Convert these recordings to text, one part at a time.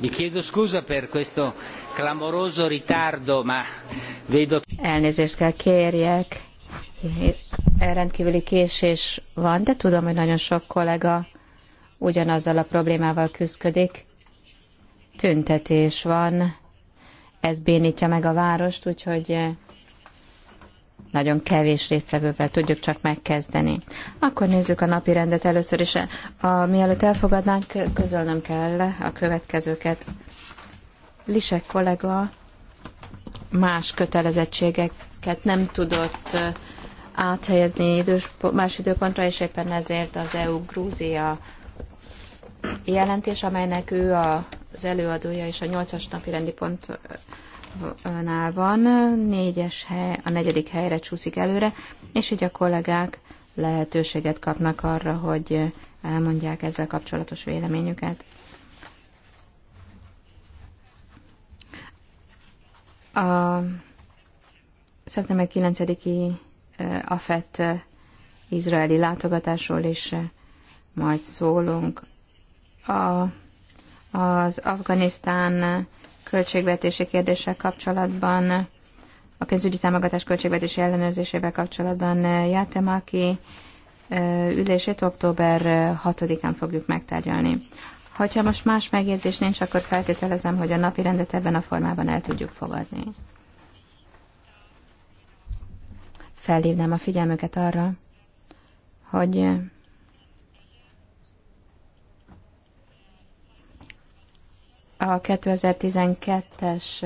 Vi eh. chiedo scusa per questo clamoroso ritardo, ma vedo... Elnézést kell kérjek. Eh, rendkívüli késés van, de tudom, hogy nagyon sok kollega ugyanazzal a problémával küzdik. Tüntetés van, ez bénítja meg a várost, úgyhogy eh, nagyon kevés résztvevővel tudjuk csak megkezdeni. Akkor nézzük a napi rendet először is. A, mielőtt elfogadnánk, közölnöm kell a következőket. Lisek kollega más kötelezettségeket nem tudott áthelyezni idős, más időpontra, és éppen ezért az EU-Grúzia jelentés, amelynek ő az előadója és a nyolcas napi rendi pont nál van, négyes hely, a negyedik helyre csúszik előre, és így a kollégák lehetőséget kapnak arra, hogy elmondják ezzel kapcsolatos véleményüket. A szeptember 9-i AFET izraeli látogatásról is majd szólunk. A, az Afganisztán költségvetési kérdéssel kapcsolatban, a pénzügyi támogatás költségvetési ellenőrzésével kapcsolatban eh, Játemaki eh, ülését október 6-án eh, fogjuk megtárgyalni. Hogyha most más megjegyzés nincs, akkor feltételezem, hogy a napi rendet ebben a formában el tudjuk fogadni. Felhívnám a figyelmüket arra, hogy a 2012-es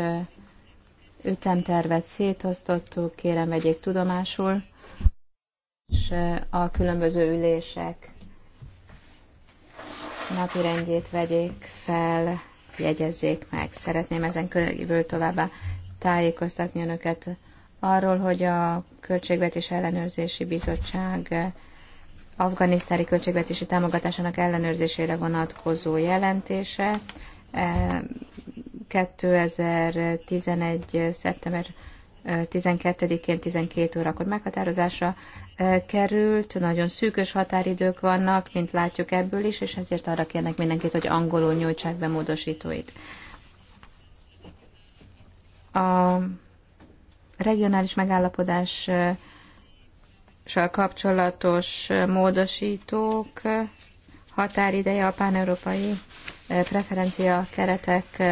ütemtervet szétosztottuk, kérem vegyék tudomásul, és a különböző ülések napirendjét vegyék fel, jegyezzék meg. Szeretném ezen kívül továbbá tájékoztatni önöket arról, hogy a Költségvetés Ellenőrzési Bizottság afganisztári költségvetési támogatásának ellenőrzésére vonatkozó jelentése 2011. szeptember 12-én 12 órakor meghatározása került, nagyon szűkös határidők vannak, mint látjuk ebből is, és ezért arra kérnek mindenkit, hogy angolul nyújtsák be módosítóit. A regionális megállapodással kapcsolatos módosítók határideje a pán-európai preferencia keretek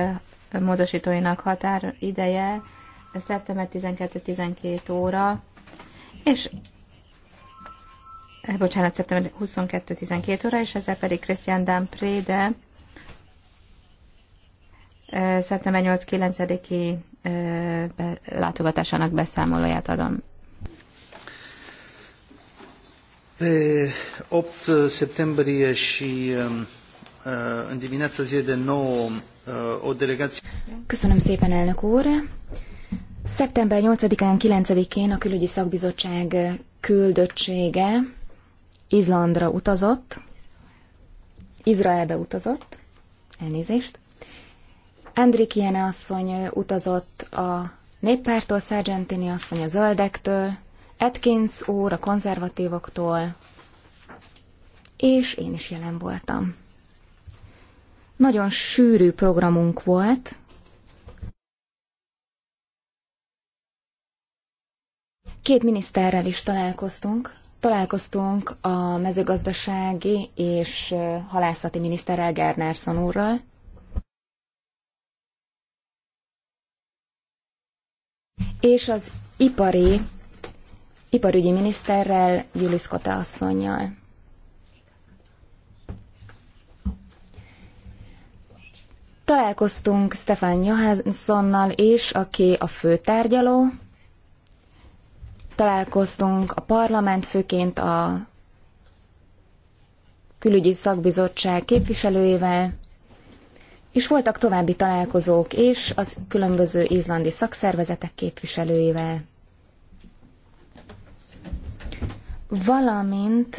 módosítóinak határideje szeptember 12-12 óra, és bocsánat, szeptember 22-12 óra, és ezzel pedig Christian Dan Préde szeptember 8-9-i látogatásának beszámolóját adom Pe 8 septembrie și um, uh, în dimineața zilei de 9 uh, o delegație... Köszönöm szépen, elnök úr! Szeptember 8-án, 9-én a külügyi szakbizottság küldöttsége Izlandra utazott, Izraelbe utazott, elnézést. Andrik Jene asszony utazott a néppártól, Sargentini asszony a zöldektől, Atkins úr a konzervatívoktól, és én is jelen voltam. Nagyon sűrű programunk volt, Két miniszterrel is találkoztunk. Találkoztunk a mezőgazdasági és halászati miniszterrel Gernárszon úrral. És az ipari iparügyi miniszterrel, Julis Kota asszonynal. Találkoztunk Stefan Johanssonnal is, aki a főtárgyaló. Találkoztunk a parlament, főként a külügyi szakbizottság képviselőjével, és voltak további találkozók is az különböző izlandi szakszervezetek képviselőivel. valamint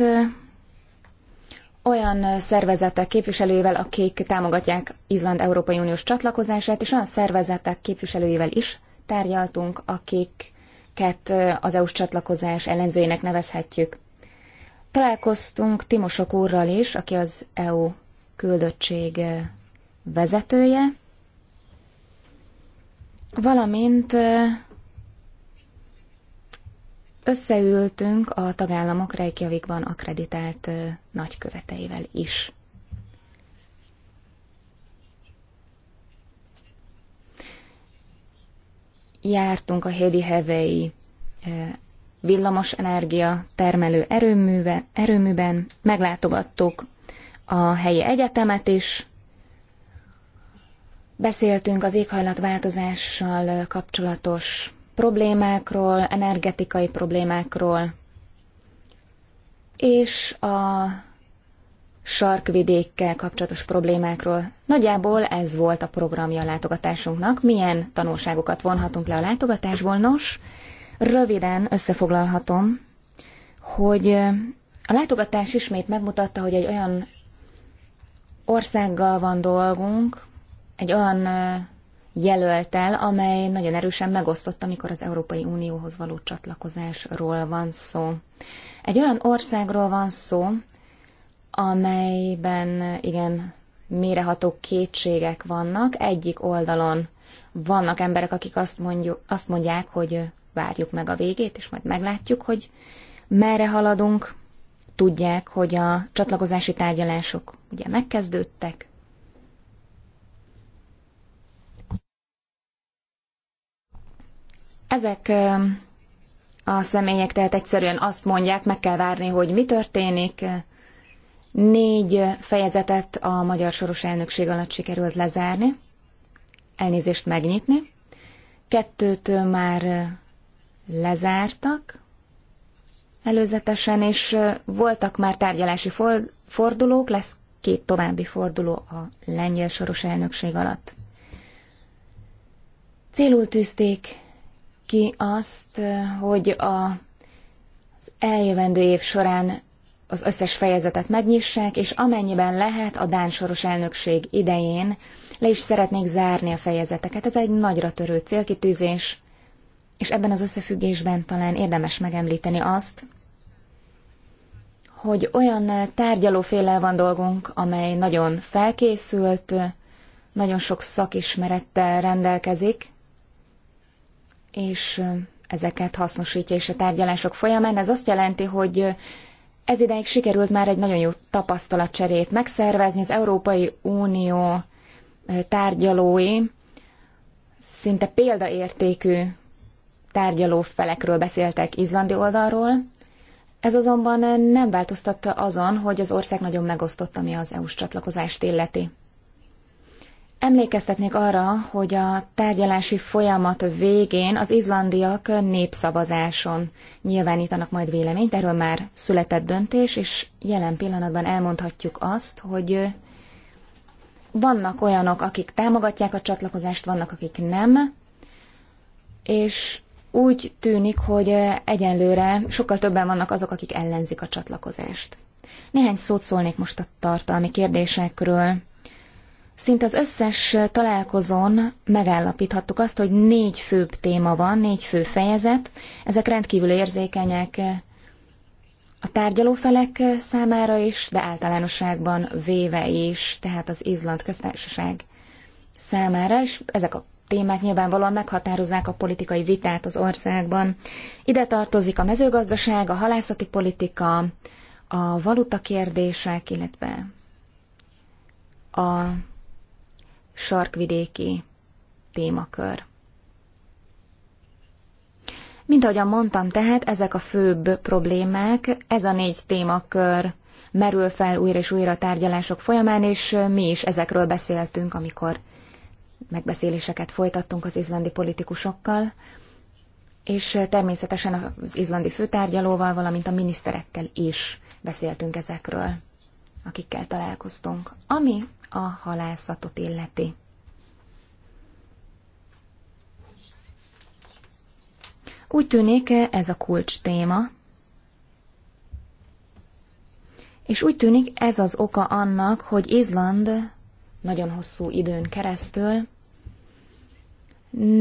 olyan szervezetek képviselőivel, akik támogatják Izland Európai Uniós csatlakozását, és olyan szervezetek képviselőivel is tárgyaltunk, akiket az EU-s csatlakozás ellenzőjének nevezhetjük. Találkoztunk Timosok úrral is, aki az EU küldöttség vezetője, valamint összeültünk a tagállamok Reykjavikban akreditált nagyköveteivel is. Jártunk a Hedi Hevei villamos energia termelő erőműve, erőműben, meglátogattuk a helyi egyetemet is, beszéltünk az éghajlatváltozással kapcsolatos problémákról, energetikai problémákról, és a sarkvidékkel kapcsolatos problémákról. Nagyjából ez volt a programja a látogatásunknak. Milyen tanulságokat vonhatunk le a látogatásból? Nos, röviden összefoglalhatom, hogy a látogatás ismét megmutatta, hogy egy olyan országgal van dolgunk, egy olyan jelölt el, amely nagyon erősen megosztott, amikor az Európai Unióhoz való csatlakozásról van szó. Egy olyan országról van szó, amelyben igen méreható kétségek vannak. Egyik oldalon vannak emberek, akik azt, mondjuk, azt mondják, hogy várjuk meg a végét, és majd meglátjuk, hogy merre haladunk. Tudják, hogy a csatlakozási tárgyalások ugye megkezdődtek, Ezek a személyek tehát egyszerűen azt mondják, meg kell várni, hogy mi történik. Négy fejezetet a magyar soros elnökség alatt sikerült lezárni, elnézést megnyitni. Kettőt már lezártak előzetesen, és voltak már tárgyalási fordulók, lesz két további forduló a lengyel soros elnökség alatt. Célul tűzték ki azt, eh, hogy a, az eljövendő év során az összes fejezetet megnyissák, és amennyiben lehet a Dán soros elnökség idején le is szeretnék zárni a fejezeteket. Ez egy nagyra törő célkitűzés, és ebben az összefüggésben talán érdemes megemlíteni azt, hogy olyan tárgyalófélel van dolgunk, amely nagyon felkészült, nagyon sok szakismerettel rendelkezik, és ezeket hasznosítja is a tárgyalások folyamán. Ez azt jelenti, hogy ez ideig sikerült már egy nagyon jó tapasztalatcserét megszervezni. Az Európai Unió tárgyalói szinte példaértékű tárgyaló felekről beszéltek izlandi oldalról. Ez azonban nem változtatta azon, hogy az ország nagyon megosztott, ami az EU-s csatlakozást illeti. Emlékeztetnék arra, hogy a tárgyalási folyamat végén az izlandiak népszavazáson nyilvánítanak majd véleményt, erről már született döntés, és jelen pillanatban elmondhatjuk azt, hogy vannak olyanok, akik támogatják a csatlakozást, vannak, akik nem, és úgy tűnik, hogy egyenlőre sokkal többen vannak azok, akik ellenzik a csatlakozást. Néhány szót szólnék most a tartalmi kérdésekről. Szinte az összes találkozón megállapíthattuk azt, hogy négy főbb téma van, négy fő fejezet. Ezek rendkívül érzékenyek a tárgyalófelek számára is, de általánosságban véve is, tehát az Izland köztársaság számára is. Ezek a témák nyilvánvalóan meghatározzák a politikai vitát az országban. Ide tartozik a mezőgazdaság, a halászati politika, a valuta kérdések, illetve a sarkvidéki témakör. Mint ahogyan mondtam, tehát ezek a főbb problémák, ez a négy témakör merül fel újra és újra a tárgyalások folyamán, és mi is ezekről beszéltünk, amikor megbeszéléseket folytattunk az izlandi politikusokkal, és természetesen az izlandi főtárgyalóval, valamint a miniszterekkel is beszéltünk ezekről, akikkel találkoztunk. Ami a halászatot illeti. Úgy tűnik, ez a kulcs téma, és úgy tűnik, ez az oka annak, hogy Izland nagyon hosszú időn keresztül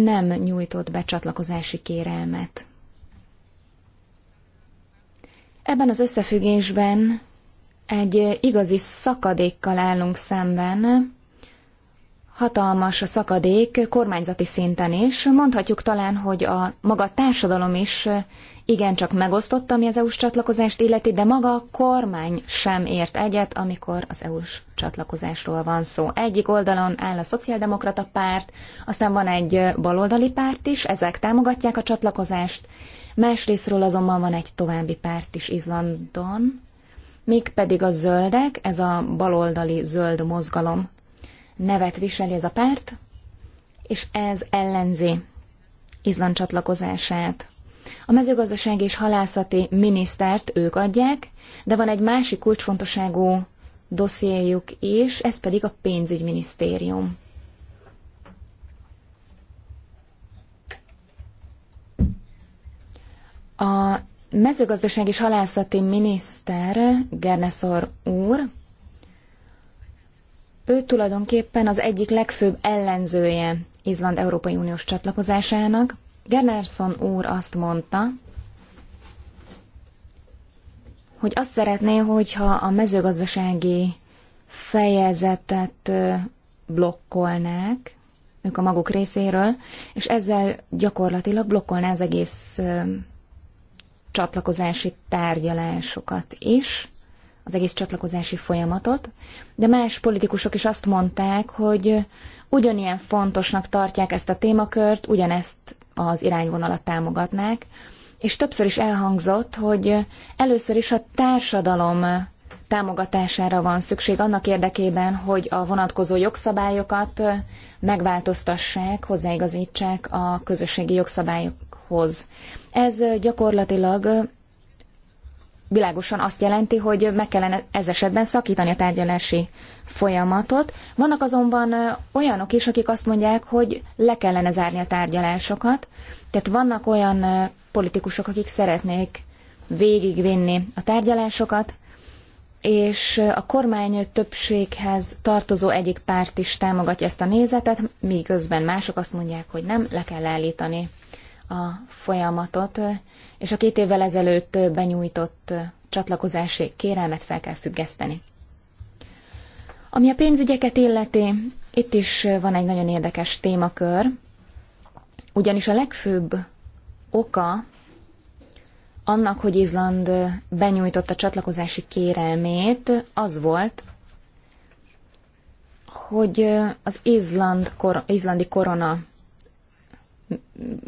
nem nyújtott be csatlakozási kérelmet. Ebben az összefüggésben egy igazi szakadékkal állunk szemben, hatalmas a szakadék kormányzati szinten is. Mondhatjuk talán, hogy a maga a társadalom is igencsak megosztott, ami az EU-s csatlakozást illeti, de maga a kormány sem ért egyet, amikor az EU-s csatlakozásról van szó. Egyik oldalon áll a szociáldemokrata párt, aztán van egy baloldali párt is, ezek támogatják a csatlakozást, másrésztről azonban van egy további párt is Izlandon, pedig a zöldek, ez a baloldali zöld mozgalom nevet viseli ez a párt, és ez ellenzi Izland csatlakozását. A mezőgazdaság és halászati minisztert ők adják, de van egy másik kulcsfontosságú dossziéjuk is, ez pedig a pénzügyminisztérium. A mezőgazdaság és halászati miniszter, Gerneszor úr, ő tulajdonképpen az egyik legfőbb ellenzője Izland Európai Uniós csatlakozásának. Gernerson úr azt mondta, hogy azt szeretné, hogyha a mezőgazdasági fejezetet blokkolnák, ők a maguk részéről, és ezzel gyakorlatilag blokkolná az egész csatlakozási tárgyalásokat is, az egész csatlakozási folyamatot, de más politikusok is azt mondták, hogy ugyanilyen fontosnak tartják ezt a témakört, ugyanezt az irányvonalat támogatnák, és többször is elhangzott, hogy először is a társadalom támogatására van szükség annak érdekében, hogy a vonatkozó jogszabályokat megváltoztassák, hozzáigazítsák a közösségi jogszabályok hoz. Ez gyakorlatilag világosan azt jelenti, hogy meg kellene ez esetben szakítani a tárgyalási folyamatot. Vannak azonban olyanok is, akik azt mondják, hogy le kellene zárni a tárgyalásokat. Tehát vannak olyan politikusok, akik szeretnék végigvinni a tárgyalásokat, és a kormány többséghez tartozó egyik párt is támogatja ezt a nézetet, míg közben mások azt mondják, hogy nem, le kell állítani a folyamatot, és a két évvel ezelőtt benyújtott csatlakozási kérelmet fel kell függeszteni. Ami a pénzügyeket illeti, itt is van egy nagyon érdekes témakör, ugyanis a legfőbb oka annak, hogy Izland benyújtotta csatlakozási kérelmét, az volt, hogy az Izland kor, izlandi korona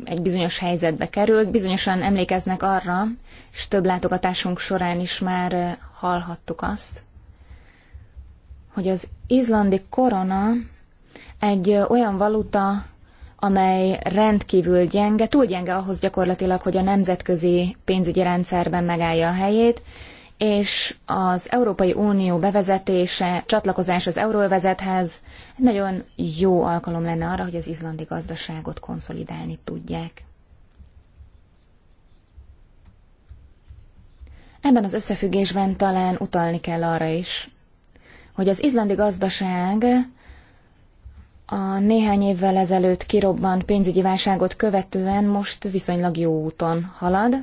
egy bizonyos helyzetbe került. Bizonyosan emlékeznek arra, és több látogatásunk során is már hallhattuk azt, hogy az izlandi korona egy olyan valuta, amely rendkívül gyenge, túl gyenge ahhoz gyakorlatilag, hogy a nemzetközi pénzügyi rendszerben megállja a helyét, és az Európai Unió bevezetése, csatlakozás az euróvezethez nagyon jó alkalom lenne arra, hogy az izlandi gazdaságot konszolidálni tudják. Ebben az összefüggésben talán utalni kell arra is, hogy az izlandi gazdaság a néhány évvel ezelőtt kirobbant pénzügyi válságot követően most viszonylag jó úton halad,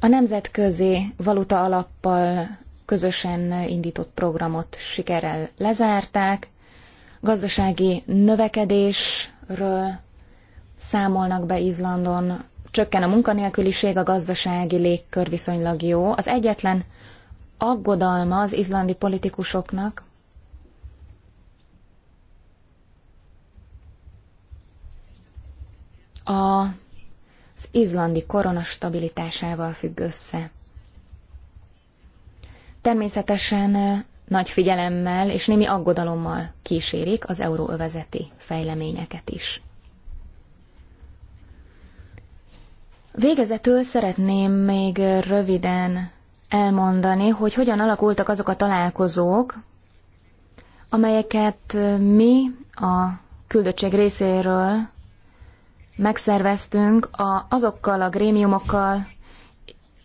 a nemzetközi valuta alappal közösen indított programot sikerrel lezárták, gazdasági növekedésről számolnak be Izlandon, csökken a munkanélküliség, a gazdasági légkör viszonylag jó. Az egyetlen aggodalma az izlandi politikusoknak, a az izlandi korona stabilitásával függ össze. Természetesen nagy figyelemmel és némi aggodalommal kísérik az euróövezeti fejleményeket is. Végezetül szeretném még röviden elmondani, hogy hogyan alakultak azok a találkozók, amelyeket mi a küldöttség részéről megszerveztünk a, azokkal a grémiumokkal,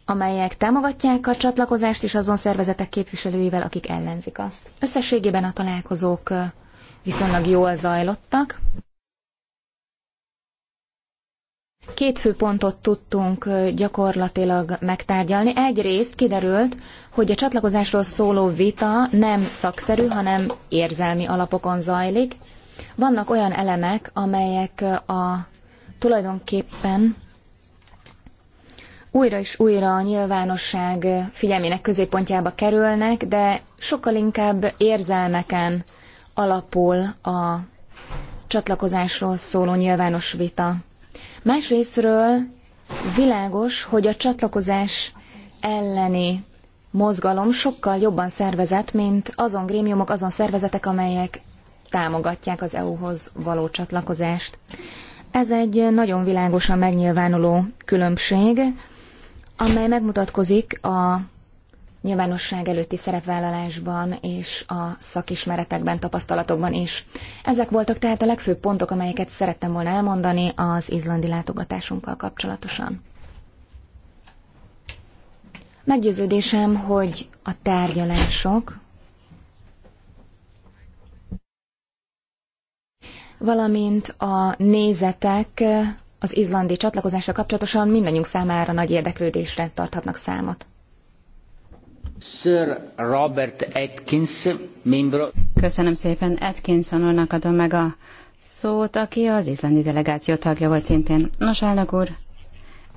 amelyek támogatják a csatlakozást, és azon szervezetek képviselőivel, akik ellenzik azt. Összességében a találkozók viszonylag jól zajlottak. Két fő pontot tudtunk gyakorlatilag megtárgyalni. Egyrészt kiderült, hogy a csatlakozásról szóló vita nem szakszerű, hanem érzelmi alapokon zajlik. Vannak olyan elemek, amelyek a tulajdonképpen újra és újra a nyilvánosság figyelmének középpontjába kerülnek, de sokkal inkább érzelmeken alapul a csatlakozásról szóló nyilvános vita. Másrésztről világos, hogy a csatlakozás elleni mozgalom sokkal jobban szervezett, mint azon grémiumok, azon szervezetek, amelyek támogatják az EU-hoz való csatlakozást. Ez egy nagyon világosan megnyilvánuló különbség, amely megmutatkozik a nyilvánosság előtti szerepvállalásban és a szakismeretekben, tapasztalatokban is. Ezek voltak tehát a legfőbb pontok, amelyeket szerettem volna elmondani az izlandi látogatásunkkal kapcsolatosan. Meggyőződésem, hogy a tárgyalások valamint a nézetek az izlandi csatlakozásra kapcsolatosan mindannyiunk számára nagy érdeklődésre tarthatnak számot. Sir Robert Atkins, membro. Köszönöm szépen, Atkinson úrnak adom meg a szót, aki az izlandi delegáció tagja volt szintén. Nos, elnök úr,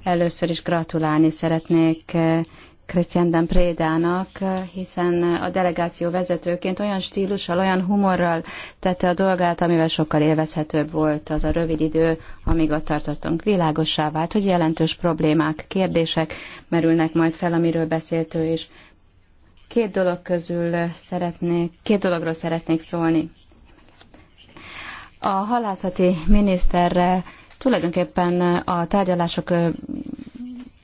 először is gratulálni szeretnék eh, Christian Dan Prédának, hiszen a delegáció vezetőként olyan stílussal, olyan humorral tette a dolgát, amivel sokkal élvezhetőbb volt az a rövid idő, amíg ott tartottunk. Világossá vált, hogy jelentős problémák, kérdések merülnek majd fel, amiről beszélt ő is. Két dolog közül szeretnék, két dologról szeretnék szólni. A halászati miniszterre tulajdonképpen a tárgyalások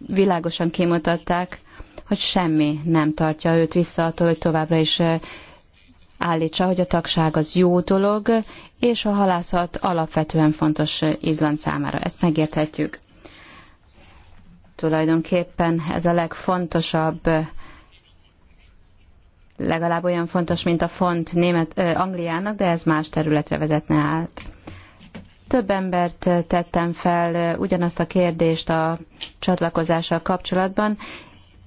világosan kimutatták, hogy semmi nem tartja őt vissza attól, hogy továbbra is állítsa, hogy a tagság az jó dolog, és a halászat alapvetően fontos Izland számára. Ezt megérthetjük. Tulajdonképpen ez a legfontosabb, legalább olyan fontos, mint a font német, eh, Angliának, de ez más területre vezetne át. Több embert tettem fel ugyanazt a kérdést a csatlakozással kapcsolatban,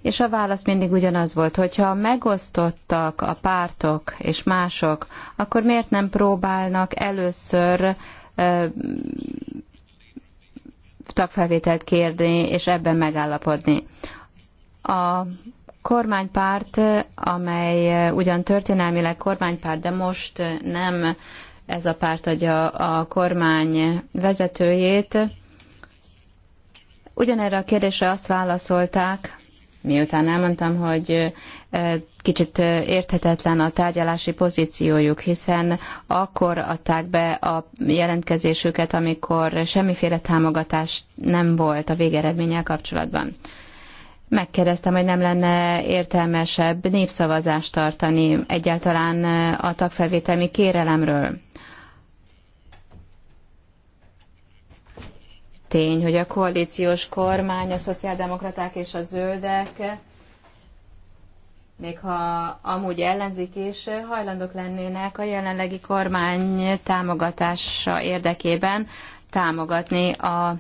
és a válasz mindig ugyanaz volt, hogyha megosztottak a pártok és mások, akkor miért nem próbálnak először ö, tagfelvételt kérni, és ebben megállapodni. A kormánypárt, amely ugyan történelmileg kormánypárt, de most nem ez a párt adja a kormány vezetőjét, ugyanerre a kérdésre azt válaszolták, Miután elmondtam, hogy kicsit érthetetlen a tárgyalási pozíciójuk, hiszen akkor adták be a jelentkezésüket, amikor semmiféle támogatás nem volt a végeredménnyel kapcsolatban. Megkérdeztem, hogy nem lenne értelmesebb népszavazást tartani egyáltalán a tagfelvételmi kérelemről. tény, hogy a koalíciós kormány, a szociáldemokraták és a zöldek, még ha amúgy ellenzik is, hajlandók lennének a jelenlegi kormány támogatása érdekében támogatni a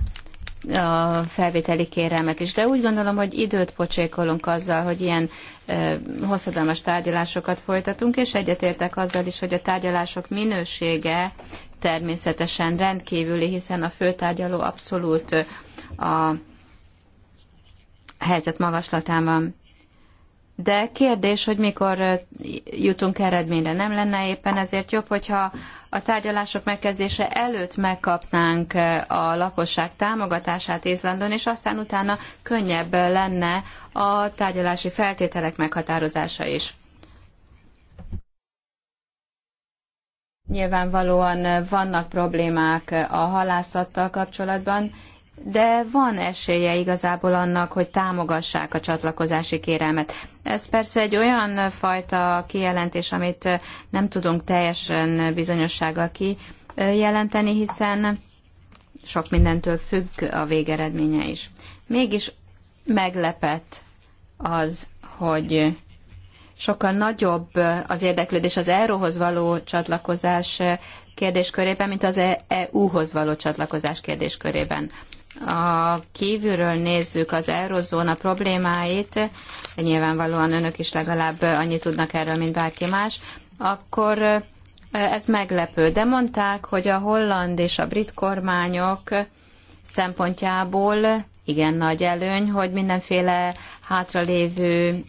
a felvételi kérelmet is. De úgy gondolom, hogy időt pocsékolunk azzal, hogy ilyen ö, hosszadalmas tárgyalásokat folytatunk, és egyetértek azzal is, hogy a tárgyalások minősége természetesen rendkívüli, hiszen a főtárgyaló abszolút a helyzet magaslatán van. De kérdés, hogy mikor jutunk eredményre. Nem lenne éppen ezért jobb, hogyha a tárgyalások megkezdése előtt megkapnánk a lakosság támogatását Izlandon, és aztán utána könnyebb lenne a tárgyalási feltételek meghatározása is. Nyilvánvalóan vannak problémák a halászattal kapcsolatban, de van esélye igazából annak, hogy támogassák a csatlakozási kérelmet. Ez persze egy olyan fajta kijelentés, amit nem tudunk teljesen bizonyossággal kijelenteni, hiszen sok mindentől függ a végeredménye is. Mégis meglepett az, hogy sokkal nagyobb az érdeklődés az euróhoz való csatlakozás kérdéskörében, mint az EU-hoz való csatlakozás kérdéskörében. A kívülről nézzük az eurozóna problémáit, nyilvánvalóan önök is legalább annyit tudnak erről, mint bárki más, akkor ez meglepő. De mondták, hogy a holland és a brit kormányok szempontjából igen nagy előny, hogy mindenféle hátralévő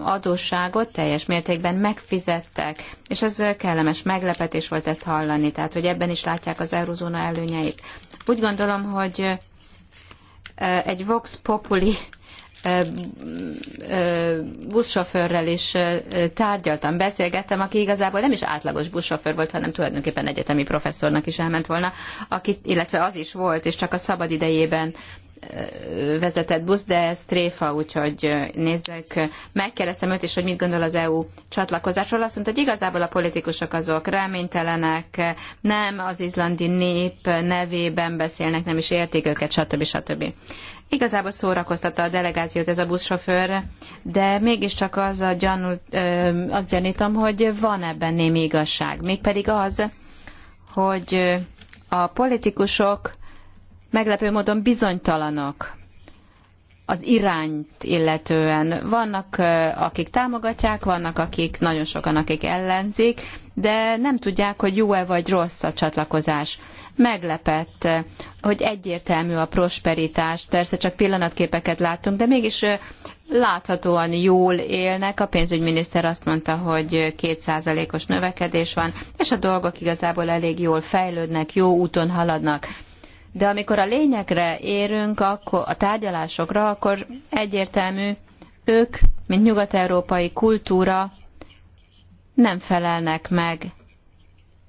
adósságot teljes mértékben megfizettek, és ez kellemes meglepetés volt ezt hallani, tehát hogy ebben is látják az eurozóna előnyeit. Úgy gondolom, hogy egy Vox Populi buszsofőrrel is tárgyaltam, beszélgettem, aki igazából nem is átlagos buszsofőr volt, hanem tulajdonképpen egyetemi professzornak is elment volna, aki, illetve az is volt, és csak a szabad idejében vezetett busz, de ez tréfa, úgyhogy nézzük. Megkérdeztem őt is, hogy mit gondol az EU csatlakozásról. Azt mondta, hogy igazából a politikusok azok reménytelenek, nem az izlandi nép nevében beszélnek, nem is értik őket, stb. stb. Igazából szórakoztatta a delegációt ez a buszsofőr, de mégiscsak az a gyanú, azt gyanítom, hogy van ebben némi igazság. Mégpedig az, hogy a politikusok meglepő módon bizonytalanok az irányt illetően. Vannak, akik támogatják, vannak, akik nagyon sokan, akik ellenzik, de nem tudják, hogy jó-e vagy rossz a csatlakozás. Meglepett, hogy egyértelmű a prosperitás, persze csak pillanatképeket láttunk, de mégis láthatóan jól élnek. A pénzügyminiszter azt mondta, hogy kétszázalékos növekedés van, és a dolgok igazából elég jól fejlődnek, jó úton haladnak de amikor a lényegre érünk, akkor a tárgyalásokra, akkor egyértelmű, ők, mint nyugat-európai kultúra, nem felelnek meg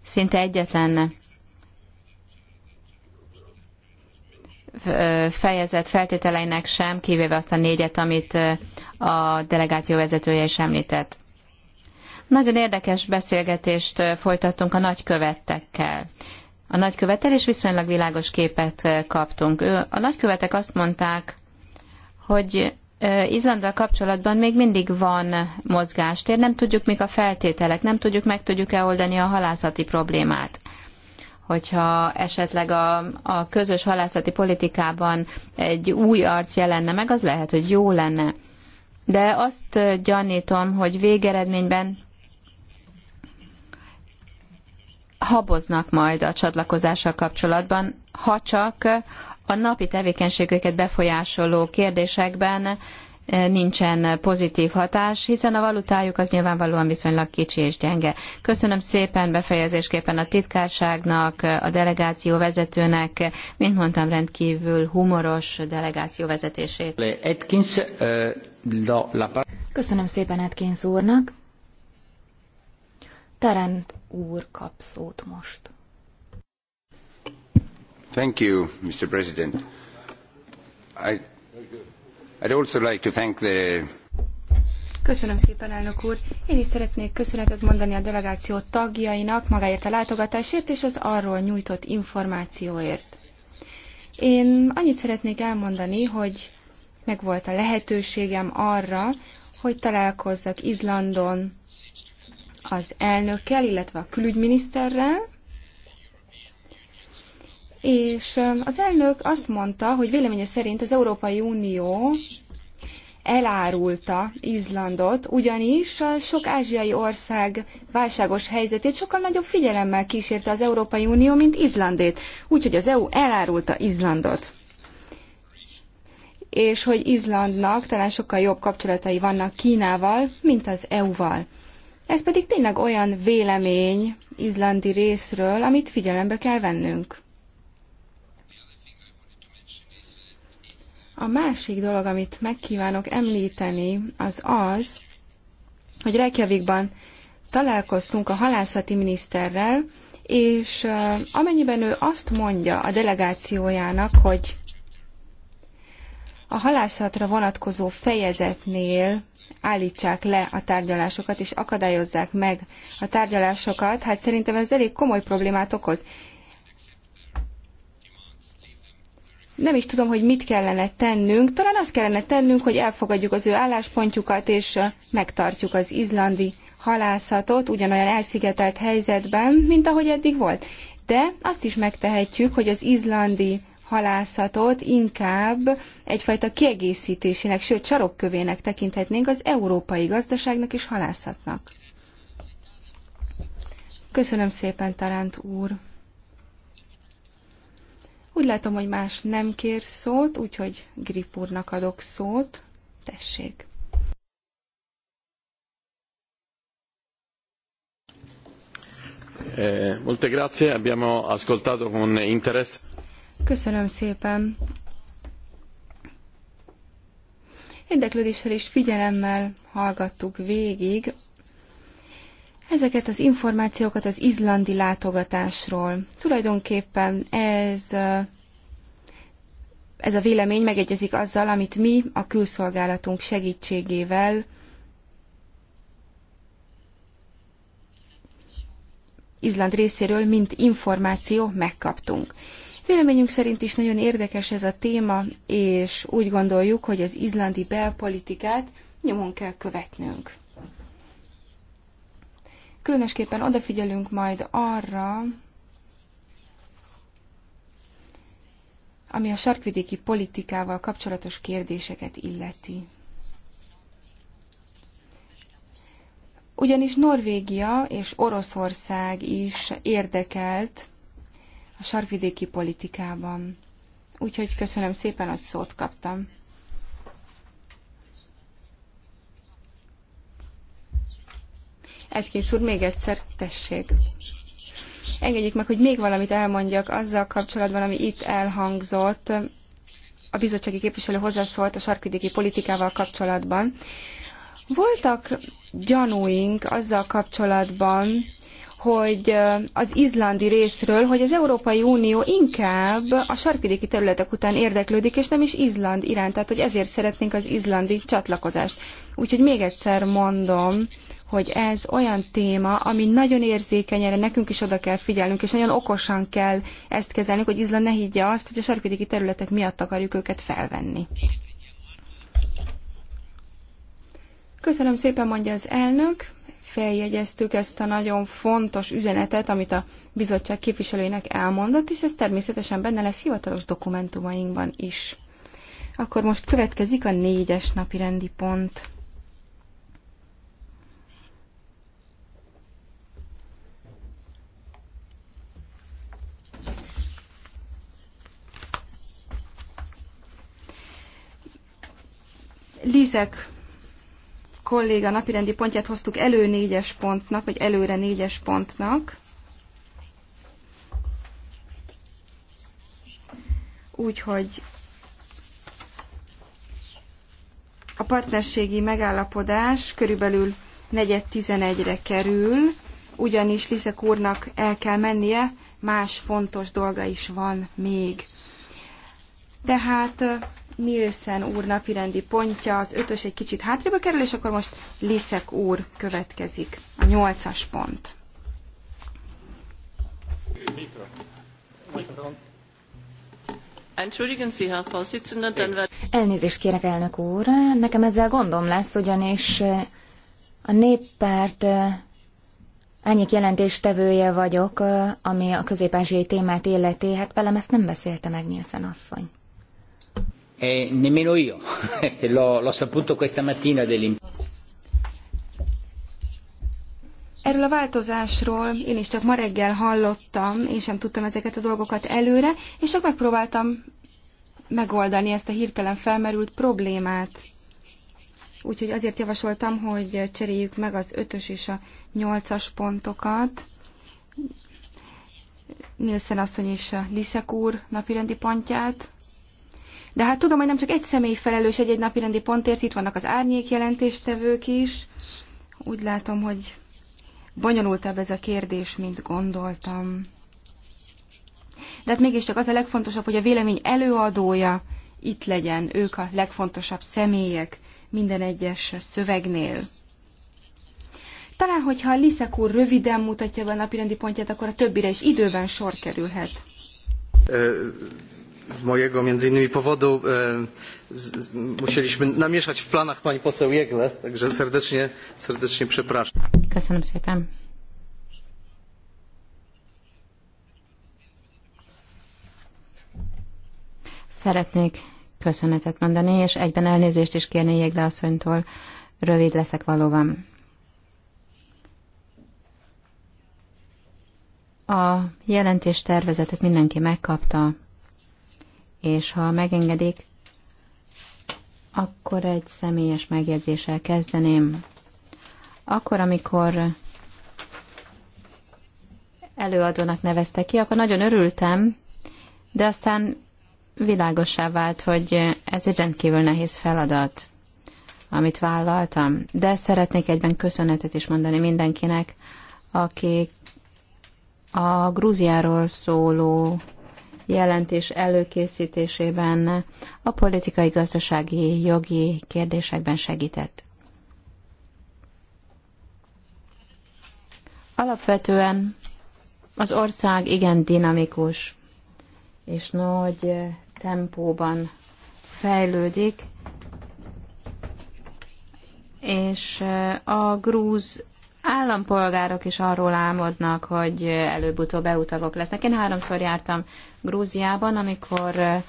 szinte egyetlen fejezet feltételeinek sem, kivéve azt a négyet, amit a delegáció vezetője is említett. Nagyon érdekes beszélgetést folytattunk a nagykövettekkel a nagykövetel, és viszonylag világos képet eh, kaptunk. A nagykövetek azt mondták, hogy eh, Izlanddal kapcsolatban még mindig van mozgástér, nem tudjuk mik a feltételek, nem tudjuk meg tudjuk-e oldani a halászati problémát hogyha esetleg a, a közös halászati politikában egy új arc jelenne meg, az lehet, hogy jó lenne. De azt eh, gyanítom, hogy végeredményben haboznak majd a csatlakozással kapcsolatban, ha csak a napi tevékenységüket befolyásoló kérdésekben eh, nincsen pozitív hatás, hiszen a valutájuk az nyilvánvalóan viszonylag kicsi és gyenge. Köszönöm szépen befejezésképpen a titkárságnak, a delegáció vezetőnek, mint mondtam, rendkívül humoros delegáció vezetését. Eh, Köszönöm szépen Edkins úrnak. Tarant úr kap szót most. Thank you, Mr. President. I, I'd also like to thank the Köszönöm szépen, elnök úr. Én is szeretnék köszönetet mondani a delegáció tagjainak magáért a látogatásért és az arról nyújtott információért. Én annyit szeretnék elmondani, hogy megvolt a lehetőségem arra, hogy találkozzak Izlandon az elnökkel, illetve a külügyminiszterrel, és az elnök azt mondta, hogy véleménye szerint az Európai Unió elárulta Izlandot, ugyanis a sok ázsiai ország válságos helyzetét sokkal nagyobb figyelemmel kísérte az Európai Unió, mint Izlandét. Úgyhogy az EU elárulta Izlandot. És hogy Izlandnak talán sokkal jobb kapcsolatai vannak Kínával, mint az EU-val. Ez pedig tényleg olyan vélemény izlandi részről, amit figyelembe kell vennünk. A másik dolog, amit megkívánok említeni, az az, hogy Reykjavikban találkoztunk a halászati miniszterrel, és amennyiben ő azt mondja a delegációjának, hogy a halászatra vonatkozó fejezetnél állítsák le a tárgyalásokat és akadályozzák meg a tárgyalásokat, hát szerintem ez elég komoly problémát okoz. nem is tudom, hogy mit kellene tennünk. Talán azt kellene tennünk, hogy elfogadjuk az ő álláspontjukat, és megtartjuk az izlandi halászatot ugyanolyan elszigetelt helyzetben, mint ahogy eddig volt. De azt is megtehetjük, hogy az izlandi halászatot inkább egyfajta kiegészítésének, sőt sarokkövének tekinthetnénk az európai gazdaságnak és halászatnak. Köszönöm szépen, Taránt úr! Úgy látom, hogy más nem kér szót, úgyhogy Grip úrnak adok szót. Tessék! Eh, molte grazie, abbiamo ascoltato con interesse. Köszönöm szépen. Érdeklődéssel és figyelemmel hallgattuk végig ezeket az információkat az izlandi látogatásról. Tulajdonképpen ez ez a vélemény megegyezik azzal, amit mi a külszolgálatunk segítségével Izland részéről mint információ megkaptunk. Véleményünk szerint is nagyon érdekes ez a téma, és úgy gondoljuk, hogy az izlandi belpolitikát nyomon kell követnünk. Különösképpen odafigyelünk majd arra, ami a sarkvidéki politikával kapcsolatos kérdéseket illeti. Ugyanis Norvégia és Oroszország is érdekelt a sarkvidéki politikában. Úgyhogy köszönöm szépen, hogy szót kaptam. Egykész úr, még egyszer, tessék. Engedjék meg, hogy még valamit elmondjak azzal kapcsolatban, ami itt elhangzott. A bizottsági képviselő hozzászólt a sarkvidéki politikával kapcsolatban. Voltak gyanúink azzal kapcsolatban, hogy az izlandi részről, hogy az Európai Unió inkább a sarkvidéki területek után érdeklődik, és nem is Izland iránt, tehát hogy ezért szeretnénk az izlandi csatlakozást. Úgyhogy még egyszer mondom, hogy ez olyan téma, ami nagyon érzékeny, erre nekünk is oda kell figyelnünk, és nagyon okosan kell ezt kezelnünk, hogy Izland ne higgye azt, hogy a sarkvidéki területek miatt akarjuk őket felvenni. Köszönöm szépen, mondja az elnök feljegyeztük ezt a nagyon fontos üzenetet, amit a bizottság képviselőinek elmondott, és ez természetesen benne lesz hivatalos dokumentumainkban is. Akkor most következik a négyes napi rendi pont. Lizek kolléga napirendi pontját hoztuk elő négyes pontnak, vagy előre négyes pontnak. Úgyhogy a partnerségi megállapodás körülbelül negyed tizenegyre kerül, ugyanis Liszek úrnak el kell mennie, más fontos dolga is van még. Tehát Nielsen úr napirendi pontja, az ötös egy kicsit hátrébe kerül, és akkor most Liszek úr következik, a nyolcas pont. Elnézést kérek, elnök úr, nekem ezzel gondom lesz, ugyanis eh, a néppárt eh, Ányik jelentéstevője vagyok, eh, ami a közép-ázsiai témát illeti, hát velem ezt nem beszélte meg Nielsen asszony. Eh, nemmeno io, l'ho, l'ho saputo questa mattina Erről a változásról én is csak ma reggel hallottam, én sem tudtam ezeket a dolgokat előre, és csak megpróbáltam megoldani ezt a hirtelen felmerült problémát. Úgyhogy azért javasoltam, hogy cseréljük meg az ötös és a nyolcas pontokat. Nielsen asszony és a Liszek úr napirendi pontját. De hát tudom, hogy nem csak egy személy felelős egy-egy rendi pontért, itt vannak az árnyék jelentéstevők is. Úgy látom, hogy bonyolultabb ez a kérdés, mint gondoltam. De hát mégiscsak az a legfontosabb, hogy a vélemény előadója itt legyen, ők a legfontosabb személyek minden egyes szövegnél. Talán, hogyha a Liszek úr röviden mutatja be a napirendi pontját, akkor a többire is időben sor kerülhet z mojego między innymi powodu e, z, musieliśmy namieszać w planach pani poseł Jegle, także serdecznie, serdecznie przepraszam. Szeretnék köszönetet mondani, és egyben elnézést is kérni Jégle asszonytól. Rövid leszek valóban. A jelentés tervezetet mindenki megkapta és ha megengedik, akkor egy személyes megjegyzéssel kezdeném. Akkor, amikor előadónak nevezte ki, akkor nagyon örültem, de aztán világosá vált, hogy ez egy rendkívül nehéz feladat, amit vállaltam. De szeretnék egyben köszönetet is mondani mindenkinek, akik a Grúziáról szóló jelentés előkészítésében a politikai, gazdasági, jogi kérdésekben segített. Alapvetően az ország igen dinamikus és nagy tempóban fejlődik, és a grúz állampolgárok is arról álmodnak, hogy előbb-utóbb eutagok lesznek. Én háromszor jártam Grúziában, amikor eh,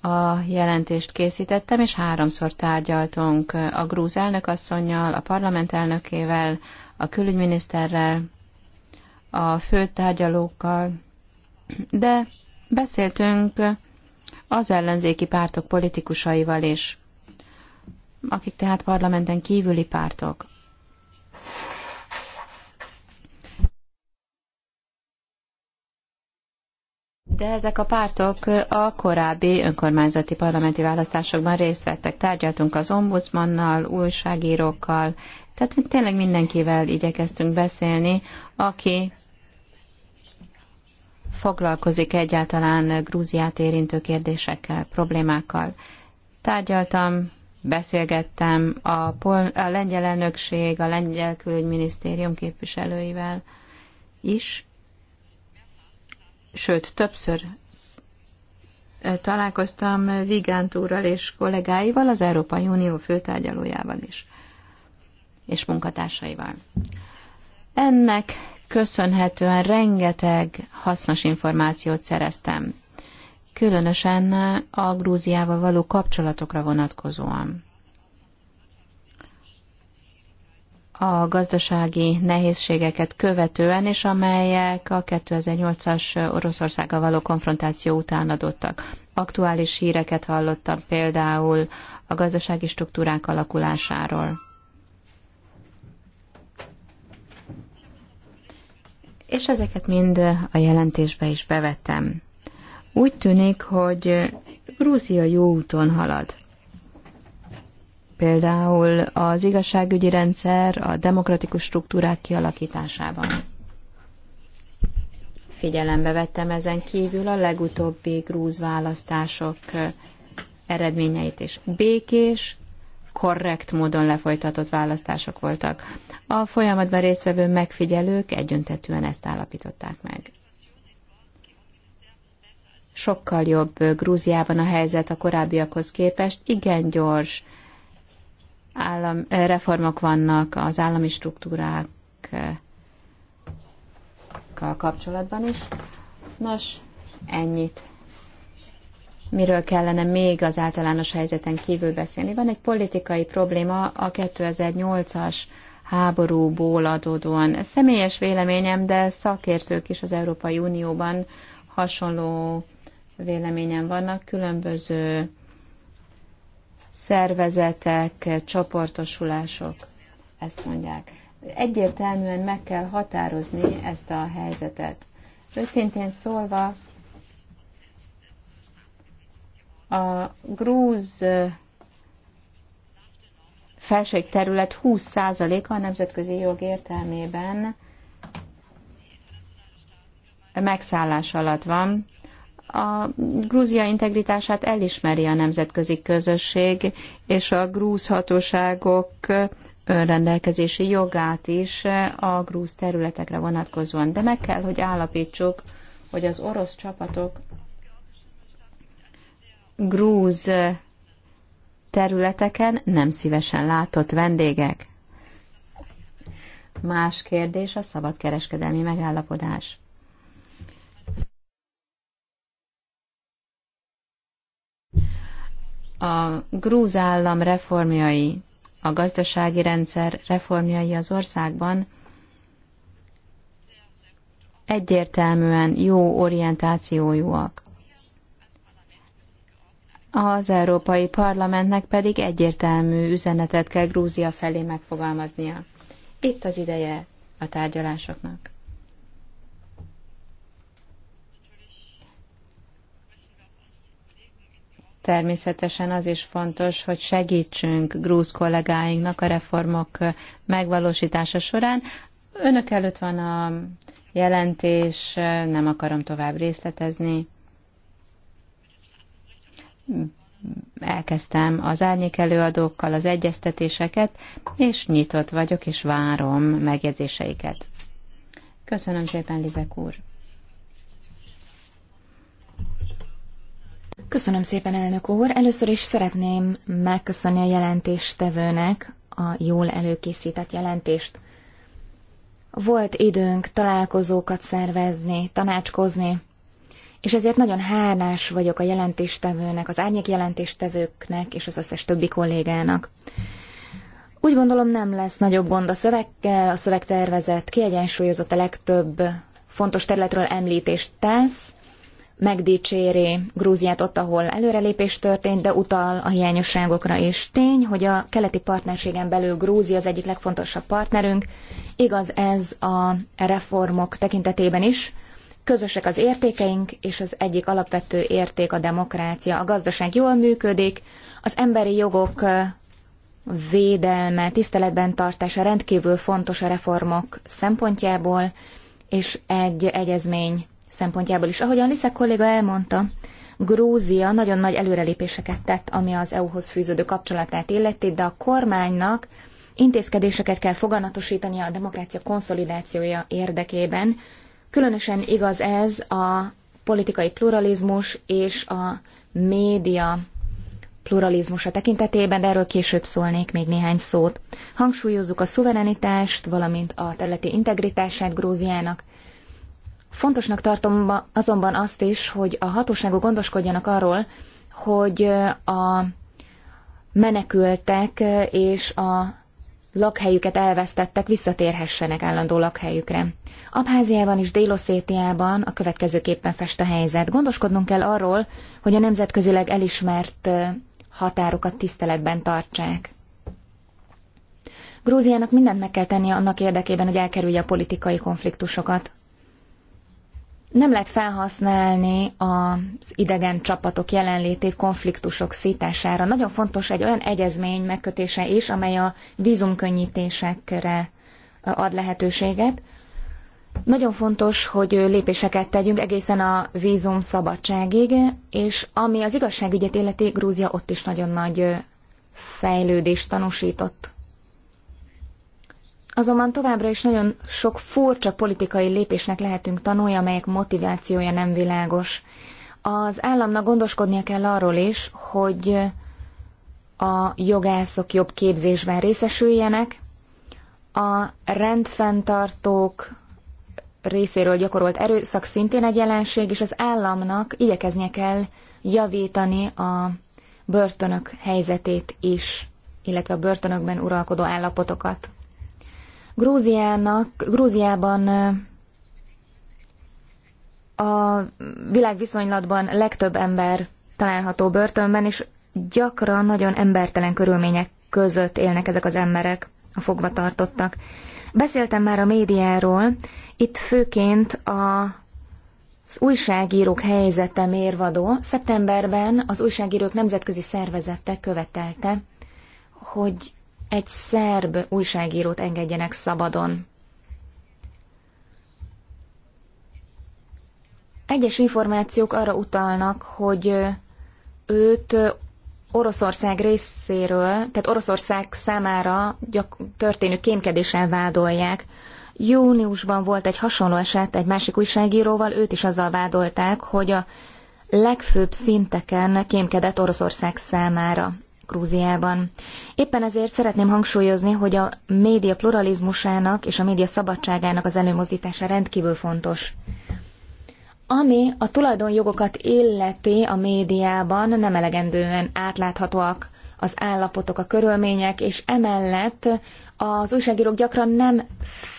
a jelentést készítettem, és háromszor tárgyaltunk eh, a grúz elnökasszonynal, a parlament elnökével, a külügyminiszterrel, a főtárgyalókkal, de beszéltünk az ellenzéki pártok politikusaival is, akik tehát parlamenten kívüli pártok. de ezek a pártok a korábbi önkormányzati parlamenti választásokban részt vettek. Tárgyaltunk az ombudsmannal, újságírókkal, tehát tényleg mindenkivel igyekeztünk beszélni, aki foglalkozik egyáltalán Grúziát érintő kérdésekkel, problémákkal. Tárgyaltam, beszélgettem a, pol- a lengyel elnökség, a lengyel külügyminisztérium képviselőivel is, sőt többször eh, találkoztam Vigánt úrral és kollégáival, az Európai Unió főtárgyalójával is, és munkatársaival. Ennek köszönhetően rengeteg hasznos információt szereztem, különösen a Grúziával való kapcsolatokra vonatkozóan. a gazdasági nehézségeket követően, és amelyek a 2008-as Oroszországgal való konfrontáció után adottak. Aktuális híreket hallottam például a gazdasági struktúrák alakulásáról. És ezeket mind a jelentésbe is bevettem. Úgy tűnik, hogy Grúzia jó úton halad például az igazságügyi rendszer a demokratikus struktúrák kialakításában. Figyelembe vettem ezen kívül a legutóbbi grúz választások eredményeit is. Békés, korrekt módon lefolytatott választások voltak. A folyamatban résztvevő megfigyelők egyöntetűen ezt állapították meg. Sokkal jobb Grúziában a helyzet a korábbiakhoz képest, igen gyors, állam, eh, reformok vannak az állami struktúrákkal kapcsolatban is. Nos, ennyit. Miről kellene még az általános helyzeten kívül beszélni? Van egy politikai probléma a 2008-as háborúból adódóan. Ez személyes véleményem, de szakértők is az Európai Unióban hasonló véleményen vannak, különböző szervezetek, csoportosulások, ezt mondják. Egyértelműen meg kell határozni ezt a helyzetet. Őszintén szólva, a grúz felségterület 20%-a a nemzetközi jog értelmében megszállás alatt van, a Grúzia integritását elismeri a nemzetközi közösség, és a grúz hatóságok önrendelkezési jogát is a grúz területekre vonatkozóan. De meg kell, hogy állapítsuk, hogy az orosz csapatok grúz területeken nem szívesen látott vendégek. Más kérdés a szabadkereskedelmi megállapodás. a grúz állam reformjai, a gazdasági rendszer reformjai az országban egyértelműen jó orientációjúak. Az Európai Parlamentnek pedig egyértelmű üzenetet kell Grúzia felé megfogalmaznia. Itt az ideje a tárgyalásoknak. Természetesen az is fontos, hogy segítsünk grúz kollégáinknak a reformok megvalósítása során. Önök előtt van a jelentés, nem akarom tovább részletezni. Elkezdtem az árnyék előadókkal az egyeztetéseket, és nyitott vagyok, és várom megjegyzéseiket. Köszönöm szépen, Lizek úr! Köszönöm szépen, elnök úr. Először is szeretném megköszönni a jelentéstevőnek a jól előkészített jelentést. Volt időnk találkozókat szervezni, tanácskozni, és ezért nagyon hálás vagyok a jelentéstevőnek, az árnyék jelentéstevőknek és az összes többi kollégának. Úgy gondolom nem lesz nagyobb gond a szöveggel, a szövegtervezet kiegyensúlyozott a legtöbb fontos területről említést tesz, megdicséri Grúziát ott, ahol előrelépés történt, de utal a hiányosságokra is. Tény, hogy a keleti partnerségen belül Grúzia az egyik legfontosabb partnerünk. Igaz ez a reformok tekintetében is. Közösek az értékeink, és az egyik alapvető érték a demokrácia. A gazdaság jól működik, az emberi jogok védelme, tiszteletben tartása rendkívül fontos a reformok szempontjából, és egy egyezmény szempontjából is. Ahogyan Liszek kolléga elmondta, Grúzia nagyon nagy előrelépéseket tett, ami az EU-hoz fűződő kapcsolatát illeti, de a kormánynak intézkedéseket kell foganatosítania a demokrácia konszolidációja érdekében. Különösen igaz ez a politikai pluralizmus és a média pluralizmusa tekintetében, de erről később szólnék még néhány szót. Hangsúlyozzuk a szuverenitást, valamint a területi integritását Grúziának, Fontosnak tartom azonban azt is, hogy a hatóságok gondoskodjanak arról, hogy a menekültek és a lakhelyüket elvesztettek visszatérhessenek állandó lakhelyükre. Abháziában és Déloszétiában a következőképpen fest a helyzet. Gondoskodnunk kell arról, hogy a nemzetközileg elismert határokat tiszteletben tartsák. Grúziának mindent meg kell tennie annak érdekében, hogy elkerülje a politikai konfliktusokat nem lehet felhasználni az idegen csapatok jelenlétét konfliktusok szítására. Nagyon fontos egy olyan egyezmény megkötése is, amely a vízumkönnyítésekre ad lehetőséget. Nagyon fontos, hogy lépéseket tegyünk egészen a vízum szabadságig, és ami az igazságügyet illeti, Grúzia ott is nagyon nagy fejlődést tanúsított. Azonban továbbra is nagyon sok furcsa politikai lépésnek lehetünk tanulni, amelyek motivációja nem világos. Az államnak gondoskodnia kell arról is, hogy a jogászok jobb képzésben részesüljenek, a rendfenntartók részéről gyakorolt erőszak szintén egy jelenség, és az államnak igyekeznie kell javítani a börtönök helyzetét is, illetve a börtönökben uralkodó állapotokat. Grúziának, Grúziában a világviszonylatban legtöbb ember található börtönben, és gyakran nagyon embertelen körülmények között élnek ezek az emberek, a fogvatartottak. Beszéltem már a médiáról, itt főként a az újságírók helyzete mérvadó. Szeptemberben az újságírók nemzetközi szervezete követelte, hogy egy szerb újságírót engedjenek szabadon. Egyes információk arra utalnak, hogy őt Oroszország részéről, tehát Oroszország számára gyak- történő kémkedéssel vádolják. Júniusban volt egy hasonló eset egy másik újságíróval, őt is azzal vádolták, hogy a legfőbb szinteken kémkedett Oroszország számára. Grúziában. Éppen ezért szeretném hangsúlyozni, hogy a média pluralizmusának és a média szabadságának az előmozdítása rendkívül fontos. Ami a tulajdonjogokat illeti a médiában, nem elegendően átláthatóak az állapotok, a körülmények, és emellett az újságírók gyakran nem